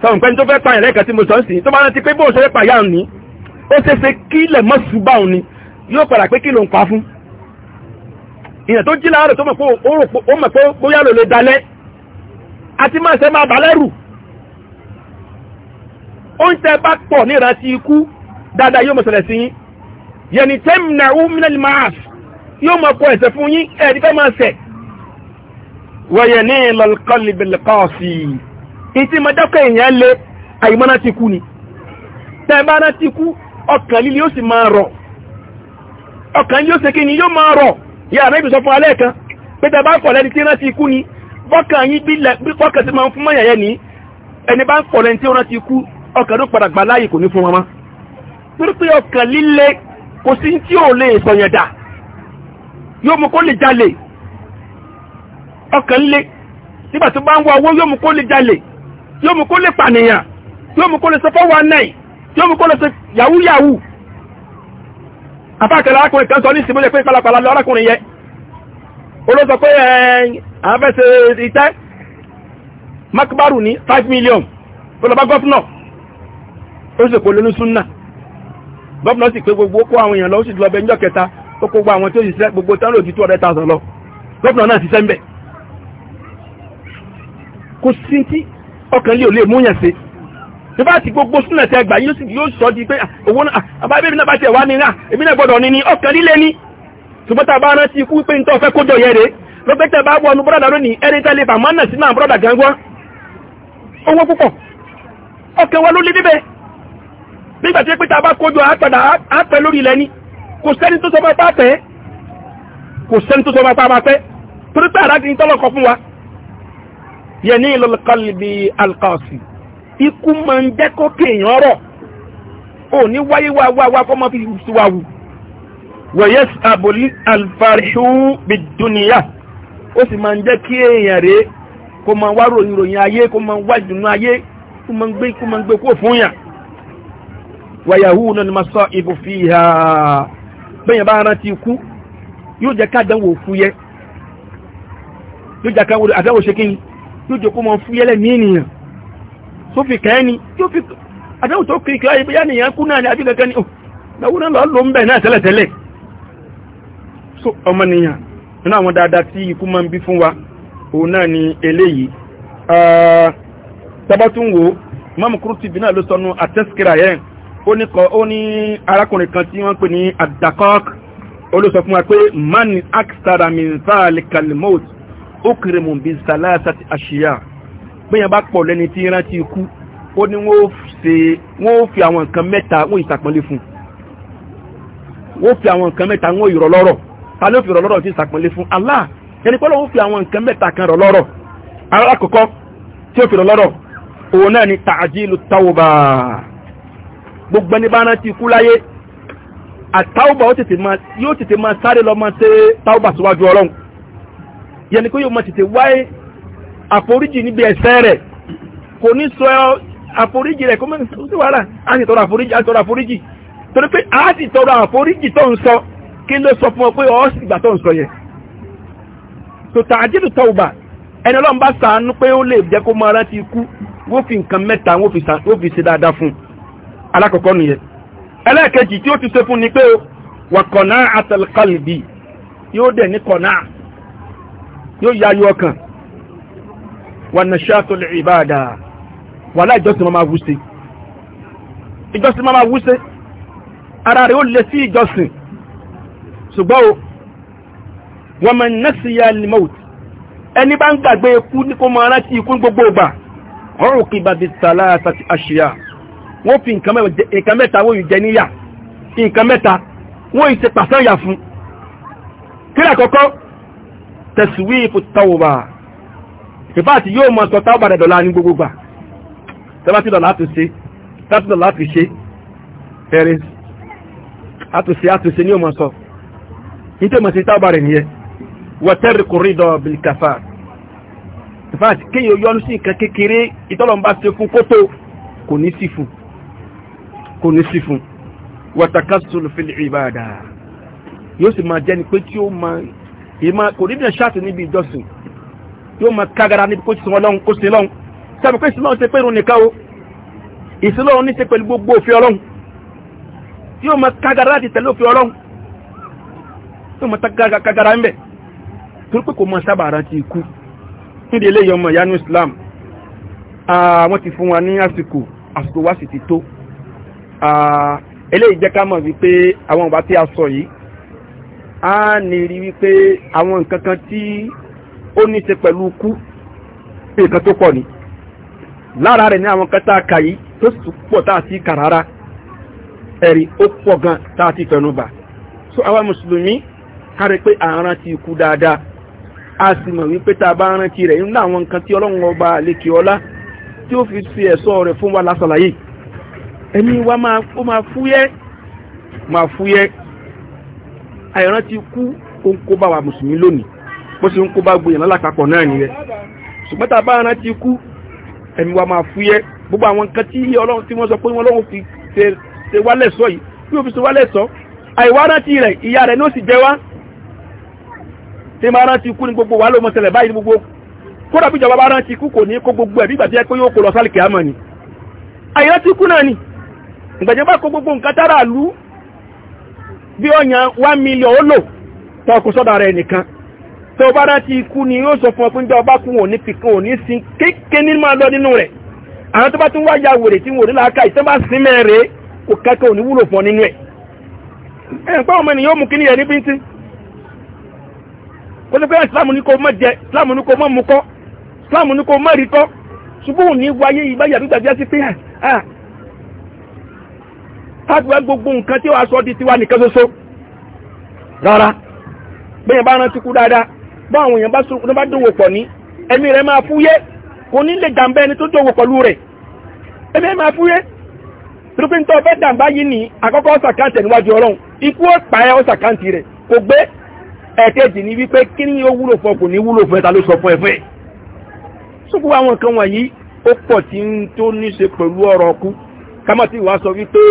sọ̀rọ̀ pẹ́ni tó fẹ́ pa ìrẹ́kẹ̀ tí mo sọ sí tó bá rántí pé bó ṣe pa ìyá ni ó ṣe ṣe kí ilẹ̀ mọ́ ṣùgbọ́n ni yóò padà pé kí ló ń pa fún ìyẹn tó jí láàárọ̀ tó mọ̀ pé ó mọ̀ pé bóyá lò lè dalẹ́ àti máa ṣe máa bà lẹ́rù oúnjẹ bá pọ̀ ní ìrántí ikú dáadáa yóò mọ̀ ṣẹlẹ̀ sí yín yẹni tẹ́mìnà umilẹ̀ maas yóò mọ̀ kọ ẹ̀sẹ̀ fún yín ẹ̀ẹ́dì fẹ́ máa ṣẹ̀ wọ̀yẹ̀ ní ìlọ̀kọ́lìbìlìkọ́ọ̀sì ni tẹ́ẹ̀báná ti kú ọkàn líle yóò sì máa ni yóò máa rọ̀ yẹ àrẹ ìbùsọ fún alẹ́ kan pé tẹ́ẹ̀ bá ni bọ́kàn yín bí pọ́kàn ti máa ń fún mọ́yàn yẹn ní ẹni bá ń pọ̀lẹ́ni tí ọkàn ló padà gbà láàyè kò ní fún wọn mọ́ torí pé ọkàn líle kò sí tí ò lè sọ̀yàn dà yóò mú kó lè jalè ọkàn lé nígbà tó bá ń wá owó yóò mú kó lè jalè yóò mú kó lè pànìyàn yóò mú kó lè ṣe fọ́wọ́ náì yóò mú kó lè ṣe yahoo yahoo àfáàkẹ́lá arákùnrin kan sọ ní ìsinmi pé pálapàla lọ arákùnrin yẹ olóòsọ pé àfẹ́sẹ̀ ìtẹ́ makbaru ní 5 million olùbá ó sì polo ní súnà gọ́ọ̀nà sì pé gbogbo kó àwọn èèyàn lọ ó sì lọ bẹjọ́ kẹta ó kó gbogbo àwọn tí ó ṣiṣẹ́ gbogbo tán lòdì 200,000 lọ gọ́ọ̀nà náà ṣiṣẹ́ ń bẹ̀ kò sí tí ọkàn lè ò lè múyàn sí nígbà tí gbogbo súnà tẹ gbà yóò sọ di pé ah, owó náà ah, àbábẹ́ ah, èmi náà bá tẹ̀ wá ní rà èmi náà gbọ́dọ̀ ní ní ọkàn líle ní ṣùgbọ́n tá a bá rántí ikú pé ní tó fẹ́ kójọ yẹ rèé lọ́gbẹ́tẹ̀ bá wọnú brọ́dà lónìí ẹni tẹ́lẹ̀ bàmánà sínú àwọn brọ́dà gangan owó púpọ̀ ọkẹ̀ wọn ló lé níbẹ̀ nígbà tí pé tàbá kójú àpàdà àpẹ lórí ilẹ̀ ni kò sẹ́ni tó sọ máa pa pẹ́ kò sẹ́ni tó sọ máa pa pẹ́ torí pé àrá kìí tọ́lọ̀kọ fún wa yẹ ní ìlọ́lọ́ kọlìbì alkaọ̀sì ikú máa ń jẹ́ kó kéèyàn rọ̀ ò ní wáyé kó máa ń gbé kó máa ń gbé kó fún yàn wàyàhúnà ni masọ ìbò fi ha bẹ́yàn t'i ku ikú yóò jẹ́ kádánwò fúyẹ́ yóò jẹ́ kádánwò àdánwò ṣe kí yóò jẹ́ kó mọ fúyẹ́lẹ̀ ní ènìyàn tó fi kẹ́ẹ́ ni yóò tó kiri kiri bóyá nìyàn kú náà ni àbí kankan ni ìnáwó náà lọ́ọ́ ń bẹ̀ náà tẹ́lẹ̀tẹ́lẹ̀ so ọmọnìyàn nínú àwọn dáadáa tí ikú máa ń bí fún wa òun náà ni eléyìí ah, wo mọ́mùkúrú náà ló sọnù ó ní arákùnrin kan tí wọ́n pè ní adakok olóso fún wa pé man akstara min zalikal maut okrimu bi salasati ashiya bẹ́yàn bá pọ̀ lẹ́ni tí rántí ikú ó ní wọ́n fi àwọn nǹkan mẹ́ta wọ́n ìsàpọ̀lé fún wọ́n fi àwọn nǹkan mẹ́ta wọ́n ìrọ̀ lọ́rọ̀ ta ló fi rọ̀ lọ́rọ̀ tí ìsàpọ̀lé fún Allah ẹni pọ́lọ́ wọ́n fi àwọn nǹkan mẹ́ta kan rọ̀ lọ́rọ̀ alákọ̀ọ́kọ́ tí ó fi rọ̀ lọ́rọ̀ òun náà ni tààjílù tawba gbogbo ẹni bá rántí ikú láyé àtàwùbà yóò tètè máa sáré lọ máa ṣe táwùbà síwájú ọlọ́run yẹni kó yóò máa tètè wáyé àforíjì níbi ẹ̀ṣẹ̀ rẹ̀ kò ní sọ àforíjì rẹ̀ kó mẹ́rin tó sì wàhálà á sì tọrọ àforíjì á sì tọrọ àforíjì torí pé á sì tọrọ àforíjì tó ń sọ kí ló sọ fún ọ pé ọ sì gbà tó ń sọ yẹn tó tààjìlù tọ́ùbà ẹni ọlọ́run bá ṣàánú pé ó lè jẹ́ kó máa rántí ikú wó fi nǹkan mẹ́ta wó fi ṣe dáadáa fún un alákọ̀ọ́kọ́ nìyẹn ẹlẹ́ẹ̀kejì tí ó ti ṣe fún ni pé wà kọ̀nà àtàlùkàlìbì yóò dẹ̀ ní kọ̀nà yóò yáyọ ọkàn wà nà ṣáàtọ̀lẹ̀ ìbáàdà wà láìjọsìn máa wú sí ìjọsìn máa wú sí ara rẹ̀ ó lè sí ìjọsìn wọ́n fi nǹkan mẹ́ta wọ́n yìí jẹ níyà nǹkan mẹ́ta wọ́n yìí ṣe pàṣẹ́yà fún kílẹ̀ àkọ́kọ́ tẹ̀síwí ipò tọ́wọ̀bà ìfà àti yóò mọ sọ táwọn bàdẹ̀ dọ̀la ní gbogbo gbà tẹ́bátì dọ̀la àtúnṣe tẹ́bátì dọ̀la àtúnṣe ẹ̀rẹ́ àtúnṣe àtúnṣe ní ọmọ sọ nítorí mọ̀ sí táwọn bàdẹ̀ nìyẹn wọ́tẹ́rì kòrídọ̀ bìlìkàfà ìfà àti kéèyàn yọnu sí nǹkan kékeré ìtọ́lọ́mbà ṣe fún kótó kò ní sí fún un kò ní sí fún wàtàkásùlù fil ìbádà yóò sì máa jẹ́ni pé tí ó máa ìmá kò ní bí ṣáàtì níbi ìjọsìn yóò máa kágara níbi kó ti sọ ọlọ́run kó sí lọ́run sábà pé ìsìnlọ́run ṣe pé irun nìkan o ìsìnlọ́run ní ṣe pẹ̀lú gbogbo òfin ọlọ́run yóò máa kágara láti tẹ̀lé òfin ọlọ́run yóò máa kágara ń bẹ̀ torí pé kò mọ sábà rántí ikú nídìí eléyìí ọmọ ìyanu Islam àwọn ah, ti fún wa ní àsìkò àsìkò wa sì ti tó eléyìí jẹ́ ká mọ̀ wípé àwọn ọba tí a sọ yìí a ní rí wípé àwọn nǹkan kan tí ó ní ṣe pẹ̀lú kú nǹkan tó pọ̀ ni lára rẹ̀ ní àwọn kan tá a kà yìí tó sì pọ̀ tá a sì kà rárá ẹ̀rí ó pọ̀ gan tá a bà so àwa mùsùlùmí ká rí pé à ń rántí ikú dáadáa a sì mọ̀ wípé tá a bá rántí rẹ̀ nínú àwọn nǹkan tí ọlọ́run ọba àlekè ọlá tí fi ṣe ẹ̀ṣọ́ rẹ̀ fún wa lásàlàyé yìí ẹ̀mí wa máa fúyẹ́ máa fúyẹ́ àìrán ti kú òun kó bá wa mùsùlùmí lónìí bó ṣe ń kó bá gbòyàn lálápapọ̀ náà nìyẹn ṣùgbọ́n tá a bá rán ti kú ẹ̀mí wa máa fúyẹ́ gbogbo àwọn nǹkan tí ọlọ́run tí wọ́n sọ pé wọ́n lọ́wọ́ fi ṣe wálẹ̀ sọ yìí bí òfin ṣe wálẹ̀ sọ àìwá rántí rẹ̀ ìyá rẹ̀ ní ó sì jẹ wá tí kú náà ni ìgbẹ̀jẹ́ bá kó gbogbo nǹkan tára lú bí ọ̀yàn 1 million ó lò tọ́kù sọ́dà rẹ̀ nìkan tó bá rántí ikú ni yóò sọ fún ọpín ọba kún òní pìkan òní sin kéèké ní máa lọ nínú rẹ̀ àwọn tó bá tún wáyà wèrè tí wòrí sí mẹ́rẹ̀ kò kẹ́kẹ́ òní wúlò fún nínú ẹ̀ kájúwẹ́ gbogbo nǹkan tí wà sọ di tiwa nìkan ṣoṣo rárá bẹ́yẹn bá rántí kú dáadáa bá àwọn èèyàn bá dòwò pọ̀ ní ẹ̀mí rẹ̀ máa fúyẹ́ kò ní lè jàǹbá ẹni tó dòwò pẹ̀lú rẹ̀ ẹ̀mí rẹ̀ máa fúyẹ́ tìrúpín tó fẹ́ jàǹbá yìí ní àkọ́kọ́ ọ̀sàkáǹtì níwájú ọlọ́run ikú ọ̀pá ẹ rẹ̀ kò gbé ẹ̀kẹ́jì ní wípé kí ni ó wúlò fún ọ kò wúlò fún ẹ ló sọ fún ẹ ṣùgbọ́n àwọn nǹkan wọ̀nyí ó pọ̀ tí ń tó ní ṣe pẹ̀lú ọ̀rọ̀ ọkú kámọ́ tí sọ wípé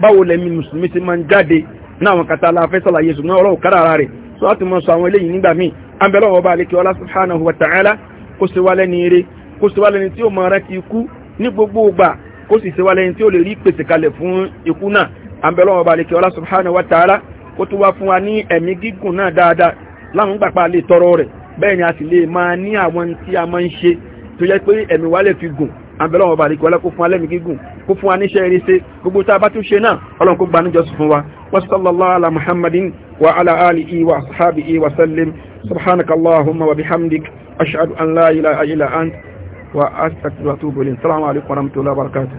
báwo lẹ́mí mùsùlùmí ti máa ń jáde ní àwọn kàtà aláfẹ́ sàlàyé ṣùgbọ́n ọ̀rọ̀ òkàrà ara rẹ̀ tó láti mọ́ sọ àwọn eléyìí nígbà míì abẹ́lọ́ ọba àlekí ọlá subhanahu wa ta'ala kó ṣe wá lẹ́ni eré kó ṣe wá lẹ́ni tí ó mọ ara ti ikú ní gbogbo ìgbà kó sì ṣe wá lẹ́ni tí ó lè rí pèsè kalẹ̀ fún ikú náà abẹ́lọ́ ọba àlekí ọlá àbẹ̀lọ́ ọba àríkẹ́ ọlá kó fún alẹ́mì gígùn kó fún aníṣẹ́ irinṣẹ́ gbogbo tá a bá tún ṣe náà ọlọ́run kó gba níjọsìn fún wa wa sallallahu ala muhammadin wa ala